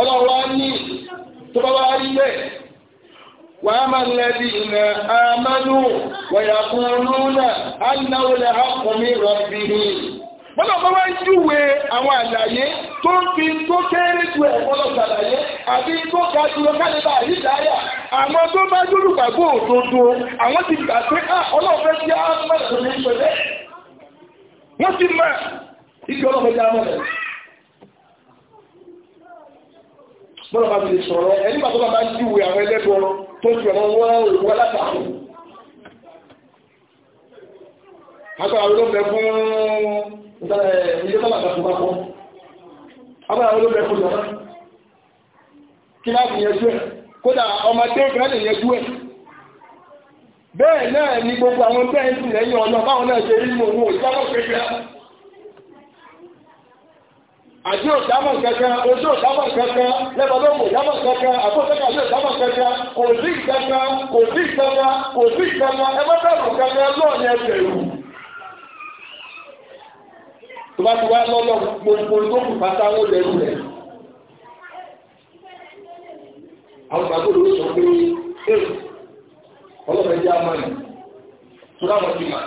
ọlọ́wọ́ ní tó bá wá rí bẹ́ẹ̀ wà á máa lẹ́bí ìmẹ̀ àmánú wọ̀yà fún lúnà aláwọlẹ̀ ọkùnrin rọ̀bìnrin bọ́lá bá wá júwe àwọn àlàyé tó ń fi tó kéré ju ẹ̀kọ́ sàlàyé àbí tó ga ju ọkàlẹ́bà àyíkáyà àwọn tó bá òdodo àwọn ti gbà pé ọlọ́ọ̀fẹ́ tó ní wọ́n ti mọ̀ ìgbẹ́ bọ́lá bá ti lè sọ̀rọ̀ ẹni bàtọ́ bá bá ń jíwe àwọn ẹlẹ́gbọ́n tó ti ọ̀nà wọ́n wọ́n látàkù agbára olóògbé fún ilé àtàkù agbára olóògbé fún ìjọba kí láti ẹ̀ kódà ọmọdé àti òjámọ̀ kankan ojú òjámọ̀ kankan lẹ́bàdọ́gbò òjámọ̀ kankan àkóṣẹ́kà yóò jámọ̀ kankan kò sí kankan kò sí kankan kò sí kankan ẹgbẹ́tẹ̀rù kankan lọ́ọ̀ni ẹgbẹ̀rù tó bá ti wá lọ́lọ́ gbogbo tó kù pátá ó lẹ́rù rẹ̀ àwọn ìgbàgbọ́ ló sọ pé ọlọ́pàá jẹ́ àmọ́ ni tó dáwọn ti máa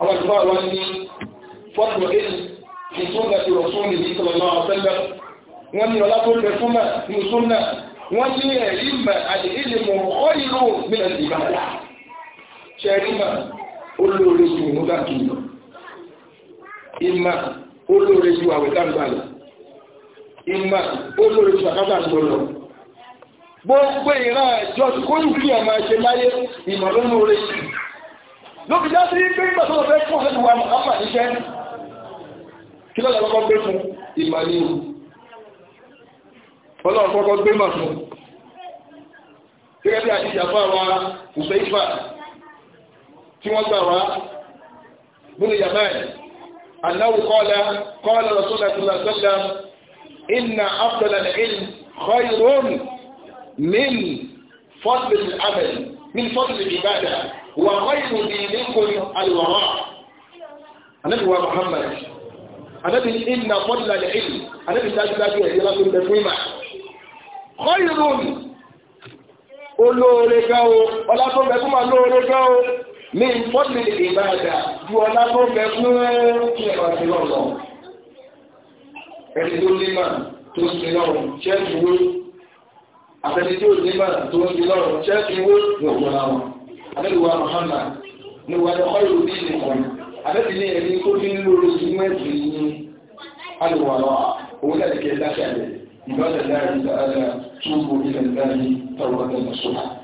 àwọn ìfọ́ àwọn ní fọ́tò èyí fi súnà ti rọ̀ súnà ní ìtọ̀lọ́nà ọ̀sẹ́lẹ̀ wọ́n ní ọlá tó fẹ́ súnà ní súnà wọ́n ní ẹ̀rí mẹ́ àti ìlú mọ̀ ọ́ ìlú mílẹ̀ ìbàdà ṣẹ̀rí mẹ́ olóore ju ìmú káàkiri lọ ìmọ̀ olóore ju àwẹ̀ káàkiri lọ ìmọ̀ olóore ju àkáàkiri lọ gbogbo ìran ẹ̀jọ́ kó ìlú ẹ̀ máa lóbi já sí pé nígbà tó lọ fẹ́ fún ọ̀sẹ̀ wa mọ̀káfà níṣẹ́ kí lọ́dọ̀ kọ́kọ́ gbé fún ìmọ̀ ní o ọlọ́run kọ́kọ́ gbé mọ̀ fún gẹ́gẹ́ bí àti ìjàmbá wa òfé ifá tí wọ́n gbà wá múlẹ̀ yàmá ẹ̀ anáwó kọ́lá kọ́lá lọ́sọ́lá tó lọ́sọ́lá inna afdala al-ilm khayrun min fadl al wà wáyé ní nìkan alùwàrà anábì wa muhammad anábì iná fọdùlà ní ìlú anábì dájúdájú ẹ̀ yẹlá tó ń bẹ fún ìmà kọ́yìnrún olóore gan o ọlá tó ń bẹ fún ma lóore gan o ní fọdùlì ìbáàdà ju ọlá tó bẹ fún ìmọ̀ àti lọ́lọ́ ẹni tó ní mà tó ń sin lọ́rùn ṣẹ́ẹ̀tì wo àtẹni tó ní mà tó ń sin lọ́rùn ṣẹ́ẹ̀tì wo ní òkú náà àbẹ́lùwà Muhammad ní wà lọ́kọ́ ìlú bí nìkan àbẹ́bìlẹ̀ ẹni tó fi ń lórí súnmẹ́tì ní alùwàrọ̀ òun láti kẹ́ láṣà rẹ̀ ìbáṣà láàrin sàárà túbò ilẹ̀ láàrin tàwọn ọ̀dọ́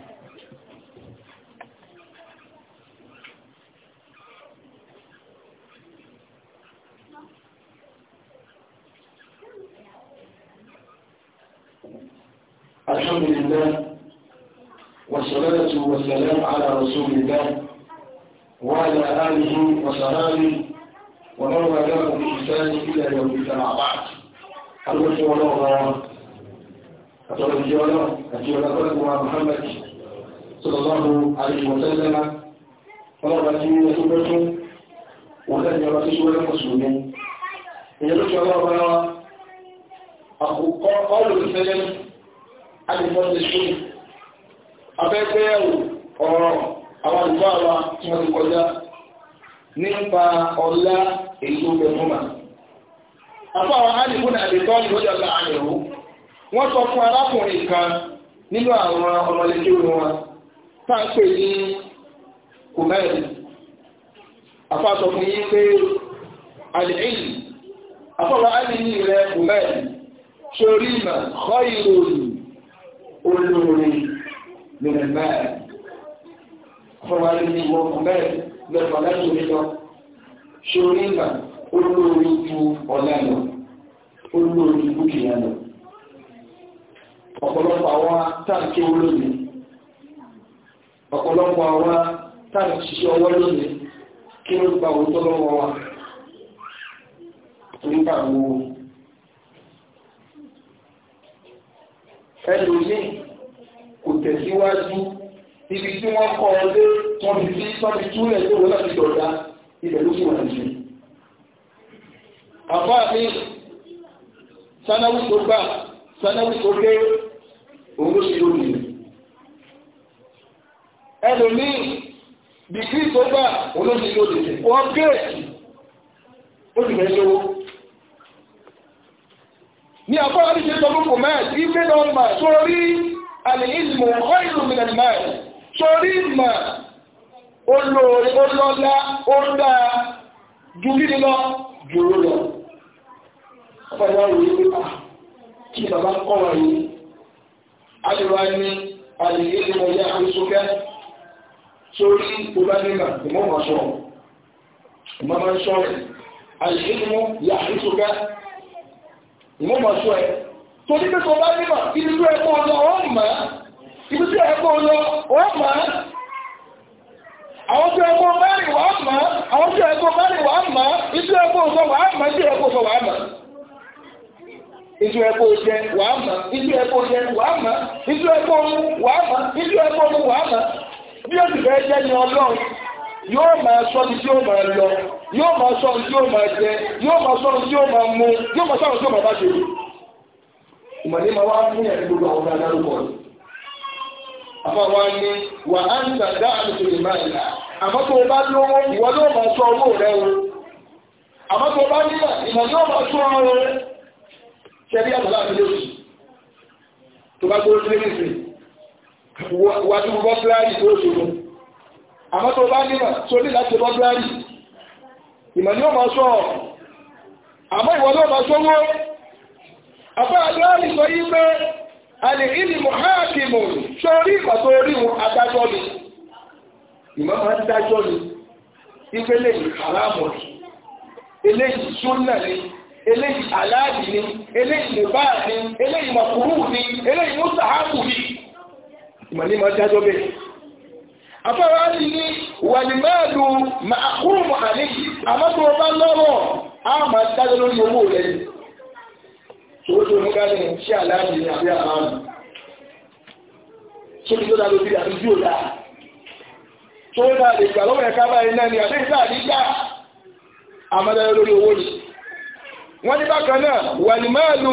الحمد لله والصلاة والسلام على رسول الله وعلى آله وصحابه ومن والاه بإحسان إلى يوم الجمعة بعد الوحي والله أتولى الجولة أتولى قلبها محمد صلى الله عليه وسلم ولغة يتوبته ولن يرسل المسلمين يرجع الله أخو قول السلام عن فضل الشيخ abẹ́gbẹ́ ọ̀rọ̀ àwọn àdúgbò àwa tí wọ́n ti kọjá nípa ọlá èyí tó bẹ fún wa. àpò àwọn alìkún náà ìwọ́jà gba àyẹ̀wò wọ́n sọ fún arákùnrin kan nínú àwọn ọmọlẹ́kẹ́ orin wa tá à ń pè ní kùmẹ́ẹ̀lì. àpò àsọ fún lórí báyìí fọwọ́ ní ìwọ bẹ́ẹ̀ lọ́pọ̀ láti orí lọ ṣorí ìgbà olóorí ju ọ̀la lọ olóorí dúkìá lọ ọ̀pọ̀lọpọ̀ àwa táǹkì olóògbé ọ̀pọ̀lọpọ̀ àwa táàrí ṣiṣẹ́ ọwọ́ lónìí kí ló gba òun tó lọ́wọ́ wa nígbà wo ẹlòmíì kò tẹ̀síwájú ibi tí wọ́n kọ́ ọ dé wọ́n fi sí tọ́bi túlẹ̀ tó wọ́n láti dọ̀dá ibẹ̀ ló sì wà nìyí. àbá mi sanáwó tó gbà sanáwó tó gé òun ló ṣe lónìí. ẹlòmíì dìgírì tó gbà òun ló ṣe lónìí. wọ́n gẹ̀ẹ́sì ó sì fẹ́ lówó ní àbá àríṣẹ́ sọ fún kòmẹ́ẹ̀sì ìfẹ́ lọ́mà sórí alìlmù ọ̀rọ̀ mi nàìjíríà sórí ìmọ̀ olóore olóla ọ̀dà ju kí ni lọ jòrò lọ. ọ̀pọ̀ ìwà rèé pé à ah, kí bàbá kọ́ wa yìí alìwà ni alìlmù ọ̀yà àrísọ́kẹ́ sórí ìbánimà ìmọ̀mọ̀ sọ̀rọ̀ ìmọ̀mọ̀ sọ̀rọ̀ alìlmù yà àrísọ́kẹ́ ìmọ̀mọ̀ sọ̀rọ̀ torí pé tó bá nímọ̀ ibi tó ẹ̀kọ́ ọlọ ọ̀hún mọ̀ ibi tó ẹ̀kọ́ ọlọ ọ̀hún mọ̀ àwọn tó ẹ̀kọ́ mẹ́rin wà mọ̀ àwọn tó ẹ̀kọ́ mẹ́rin wà mọ̀ ibi ẹ̀kọ́ ọlọ wà mọ̀ ibi ẹ̀kọ́ ọlọ wà mọ̀ ibi ẹ̀kọ́ jẹ wà mọ̀ ibi ẹ̀kọ́ jẹ wà mọ̀ ibi ibi yóò máa sọ ní tí ó máa lọ yóò máa sọ ní tí ó máa jẹ yóò máa sọ ní tí ó máa mu yóò máa sọ ní tí ó máa bá ṣe ìmọ̀lẹ́ máa wá fún ẹ̀rí gbogbo àwọn ọ̀gá dárúkọ rẹ̀. àmọ́ wa ní wà á ń gbàgbá àlùkò lè máa yà àmọ́ tó o bá lówó ìwọ ló máa sọ owó rẹ o àmọ́ tó o bá níyà ìmọ̀ yóò máa sọ ọ́ rẹ ṣẹlí àbúrò àti lóṣù tó bá gbé oṣù lẹ́yìn sí wà á dúró bọ́fúlárì tó oṣù lọ àmọ́ tó o bá níyà sórí láti bọ́fúlárì ìmọ̀ yóò máa sọ ọ́ àmọ́ ìwọ ló máa sọ owó rẹ àbá aláàrí sọ yí pé alè ìlì mọ̀háàkìmù sórí ìpàtó orí wọn adájọ́ ni ìmọ̀ máa ń dájọ́ ni ìpele ìhàlámù ni eléyìí súnà ni eléyìí aláàdì ni eléyìí nìbáà ni eléyìí màkúrú ni eléyìí mùsàhábù ni ìmọ̀ ní máa dájọ́ bẹ́ẹ̀ afẹ́rẹ́ ti ní wàlìmáàlù màkúrú mọ̀ àlejì àmọ́ tó bá lọ́rọ̀ á máa dájọ́ lórí owó rẹ̀ ni owó tí omi káàdì ní ṣé àláàjì ní àbí àmàlù tó ti dá lórí àti bí òdá tó ń dá lè gbà lọ́wọ́ ẹ̀ká báyìí náà ni àbí ìgbà nígbà àmàdáyọ lórí owó ni wọ́n ní bákan náà wà ní máa lò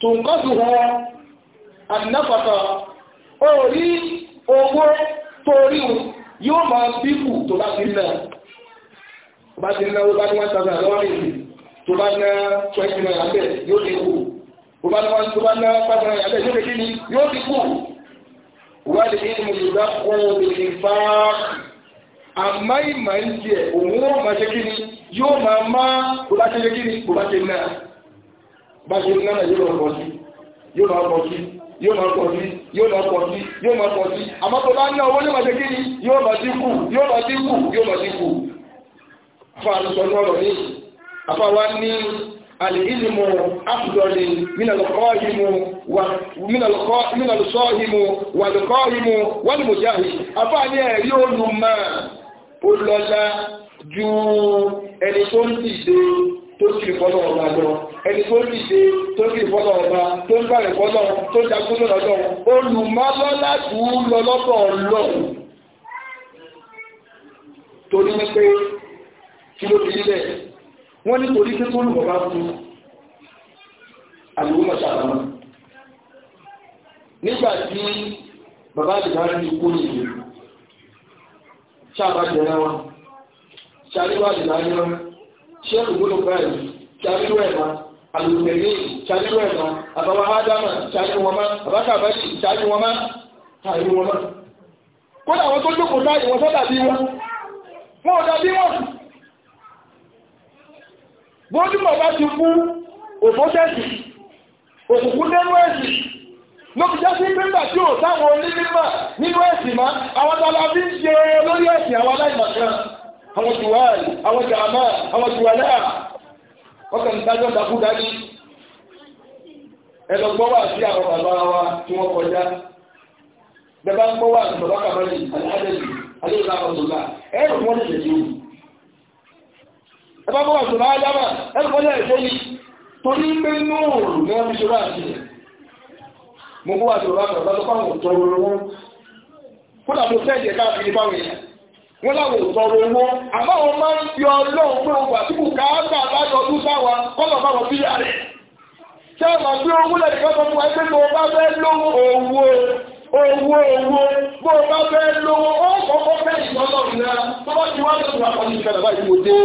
tó ń kọ́ sùn wọn àdínáfàkà ó rí owó tó rí yóò máa bíkù tó bá ti náà bá ti náà tó bá ná twenty naira bẹ́ẹ̀ yóò lè kú tó bá ná tó bá ná five naira bẹ́ẹ̀ yóò lè kí ni yóò lè kú. wọ́n lè ní mo yorùbá kọ́ lè fa àmọ́ ìmọ̀ ń tiẹ̀ òun ó máa ṣe kí ni yóò máa má kó bá ṣe ṣe kí ni kó bá ṣe ná bá ṣe ná náà yóò lọ pọ̀ sí yóò lọ pọ̀ sí yóò lọ pọ̀ sí yóò lọ pọ̀ sí yóò lọ pọ̀ sí àmọ́ tó bá ná owó yóò máa ṣe kí ni yóò lọ dínkù yóò lọ dínkù yóò lọ dínkù fún àlùsọ lọ́rọ̀ yìí afáwa ní alìlímù afdọ́lì mínàlùkọ́ọ̀hìmù wàlùkọ́ọ̀hìmù wàlùmùjáhì afáà ní ẹ̀rí olùmọ̀ olọ́lá ju ẹni tó ń dìde tó sì fọ́lọ̀ ọba lọ ẹni tó dìde tó sì fọ́lọ̀ ọba tó ń bàrẹ̀ fọ́lọ̀ tó jagun lọ́nà wọ́n ní torí pé tó ń bọ̀ bá fún àdúgbò mọ̀ṣá àlámà nígbà tí bàbá àdìgbà rí ikú ní ìlú ṣáàbà jẹrẹ wọn ṣàríwá àdìgbà rí wọn ṣé ògbóló báyìí ṣàríwá ẹ̀ma àlùmẹ̀lẹ́ ṣàríwá ẹ̀ma àbáwá ádámà ṣàríwá wọn má àbákàbáyì ṣàríwá wọn má ṣàríwá bójúmọ̀ bá ti kú òfótẹ́sì òkùnkùn nínú ẹ̀sì ló fi jẹ́ sí pípà tí ò táwọn onímọ̀ nínú ẹ̀sì má àwọn tọ́lá fi ń ṣe lórí ẹ̀sìn àwọn aláìmọ̀kan àwọn àwọn jàmá àwọn ọkàn ìdájọ́ dání wà sí àwọn bàbá wa tí wọ́n kọjá bẹ́ẹ̀ bá ń gbọ́ wà sí bàbá ẹgbà bọ́ wà ṣùgbọ́n ádámà ẹgbọ́lẹ̀ ẹ̀ṣẹ́ ni tó ní pé nóòrù ní wọ́n fi ṣe wáà sí mo bó wà ṣùgbọ́n ádámà bá tó fáwọn tọrọ owó kó dà tó fẹ́ẹ̀dì ẹ̀ká fi ní fáwọn èèyàn wọ́n láwọn tọrọ owó àmọ́ wọn máa ń fi ọlọ́run pé ogun àtúkù káàkà lájọ ọdún sáwọn kọ́lọ̀ fáwọn bí rẹ̀ ṣé ọmọ bí owó lẹ́yìn kan sọ fún wa pé mo bá fẹ́ lówó owó owó owó bó bá fẹ́ lówó ó kọ́kọ́ fẹ́ ìtọ́lọ́run náà tó bá ti wá lọ́sùn àpọ̀ ní ìkàlẹ̀ báyìí mo dé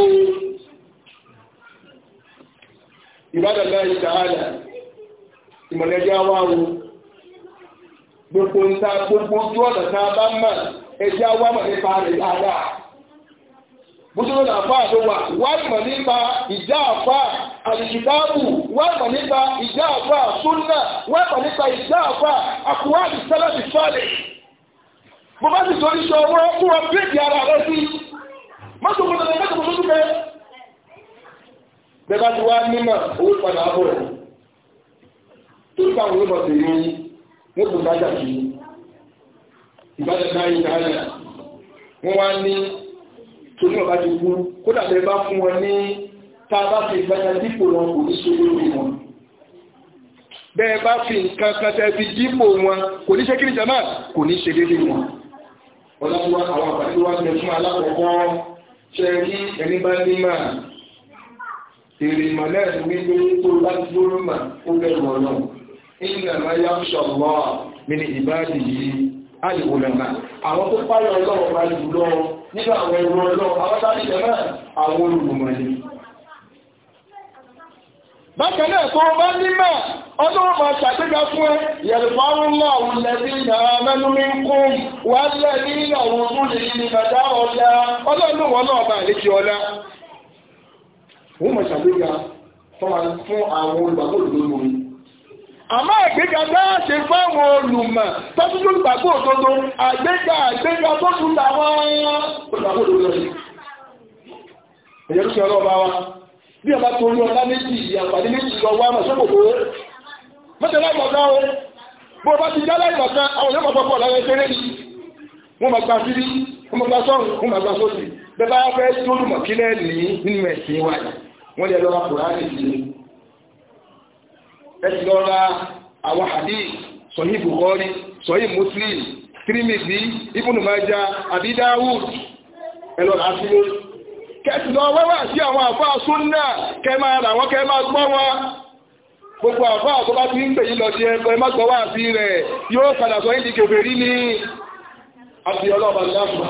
ìbádàlá ìdáhàlà ìmọ̀lẹ́jẹ́ awáwo gbogbo nta gbogbo ojú ọ̀nà tá a bá mọ̀ ẹjẹ́ awá mọ̀ nípa rẹ̀ dáadáa bùsùlù náà fà ló wà wá mọ̀ nípa ìjà àfà àlìkìtáàbù wá mọ̀ nípa ìjà àfà súnà wá mọ̀ nípa ìjà àfà àkùwá àdìsẹ́lẹ̀dì fọ́lẹ̀ bó bá sì torí ṣọwọ́ fún ọ bíèdì ara rẹ sí mọ́tò mọ́tò mọ́tò mọ́tò mọ́tò mẹ́rin bẹ́ẹ̀ ti wá mímọ̀ owó padà bọ̀ rẹ̀ tó ń fáwọn onímọ̀ tó yẹ yín wọ́n kò dájà sí i ìbájá náà yìí wọ́n wá ní torí ọ̀bá ti kú kódà tẹ́ bá fún wọn ní tá a bá fi ìbájá dípò wọn kò ní ṣe lórí wọn bẹ́ẹ̀ bá fi nǹkan kan tẹ́ fi dípò wọn kò ní ṣe kí ni jama kò ní ṣe lórí wọn ọlọ́run àwọn àbájá wa ń bẹ fún alákọ̀ọ́kọ́ ṣe rí ẹni bá ní máa ìrìnmọ̀ náà ní onye tó bá gbóró mà ó bẹ̀rù ọ̀nà ìgbà máa ya ṣọ̀lọ́ nínú ìbáàdì yìí alìwòlànà àwọn tó páyọ̀ ọlọ́run bá jùlọ nínú àwọn ẹrù ọlọ́run àwọn náà àwọn olùgbùmọ̀ ni. tó bá fún ẹ yẹ̀rùfà ńlá ń kún wà wọ́n mọ̀ ṣàgbéga fún àwọn olùgbàgbọ́ òdodo lórí. àmọ́ àgbéga bá ṣe fáwọn olùmọ̀ tọ́tútù olùgbàgbọ́ òdodo àgbéga àgbéga tó tún làwọn olùgbàgbọ́ òdodo lórí. ẹ̀yẹ́ ló ṣe ọlọ́ọ̀bá wa bí ọba tó ní ọlá méjì àpàdé méjì lọ wá mọ̀ sọ́kòkò mọ́tẹ́lá ìmọ̀ká o bó o bá ti dálá ìmọ̀ká àwọn yóò pọ̀ pọ̀ lọ́wọ́ ẹgbẹ́rẹ́ yìí wọ́n máa gba síbí wọ́n máa gba sọ́run wọ́n máa gba sósì bẹ́ẹ̀ bá fẹ́ tó lùmọ̀ kílẹ̀ nìyí nínú ẹ̀sìn wáyé wọ́n lè lọ́ra kùránì sí i ẹ ti lọ́ra àwọn hadith sọ̀yìn bukhari sọ̀yìn muslim tirimidi ibùnú májá àbí dáwùd ẹ lọ́ra sílé kẹsì lọ wẹ́wẹ́ sí àwọn àfáà súnnà kẹ máa rà wọ́n kẹ máa gbọ́ wọn gbogbo àfáà tó bá ti ń pèyí lọ sí ẹgbẹ́ mọ́gbọ́ wà sí rẹ̀ yóò padà sọ ìdí kèfèrí ní àti ọlọ́ọ̀bà láàrín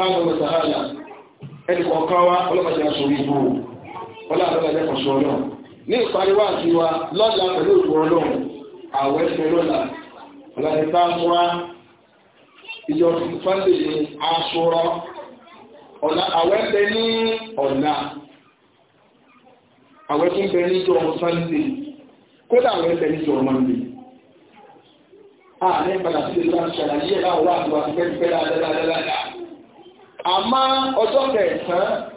ọlọ́ọ̀bà ọlọ́run ẹ̀jẹ̀ kan sọ ọlọ́run ní ìparí wá sí wa lọ́la pẹ̀lú òkú ọlọ́run àwẹ̀ ṣe lọ́la ọ̀làní bá múra ìjọ fúnfáńdé ní aṣọrọ ọ̀la àwẹ̀ bẹ ní ọ̀la àwẹ̀ tún bẹ níjọ fúnfáńdé kódà àwẹ̀ bẹ níjọ mọ́ndé àní padà sí ìlú àti ṣàlàyé láwọn wá àti wá ti fẹ́ fẹ́ dáadáa dáadáa àmọ́ ọjọ́ kẹsàn-án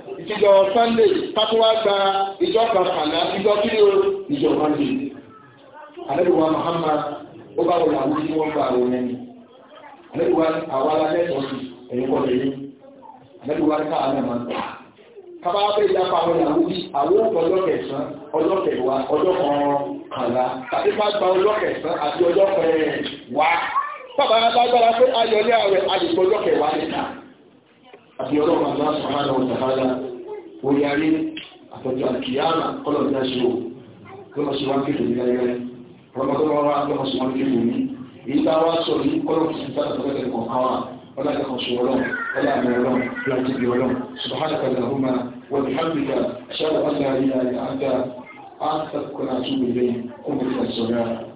ìjọ sunday pápáwá gba ìjọ kọkànlá ìjọ kí o ìjọ monday àdébùwà Muhammad ó bá wọlé àwọn tí wọ́n gba àwọn ẹni àdébùwà àwọn alẹ́tọ̀ọ́ sí ẹ̀yìn kọ́ lẹ́yìn àdébùwà ká àwọn ọmọ náà kaba bẹ ìyapa àwọn ìyàwó bí àwọn ọjọ́ kẹsàn-án ọjọ́ kẹwàá ọjọ́ kọkànlá tàbí má gba ọjọ́ kẹsàn-án àti ọjọ́ kẹwàá bàbá alágbára pé ayọ̀lẹ́ àwẹ̀ àdìpọ̀ ọjọ́ kẹwàá nìkan àti ọlọ́run àti aṣọ àmàlà ọ̀sán orí ayé àtọ́jú àkìyàmà kọ́lọ̀ ní aṣọ lọ́mọṣẹ́wọ́n kéfò ní láyé rọmọdọ́mọwá lọ́mọṣẹ́wọ́n kéfò ní èyí bá wá sọ ní kọ́lọ̀ kìí bá àtọ́jú ẹ̀kọ́ káwà ولا تقصوا لهم ولا أمرهم لا تبيوا سبحانك اللهم وبحمدك أشهد أن لا إله إلا أنت أستغفرك وأتوب إليك قم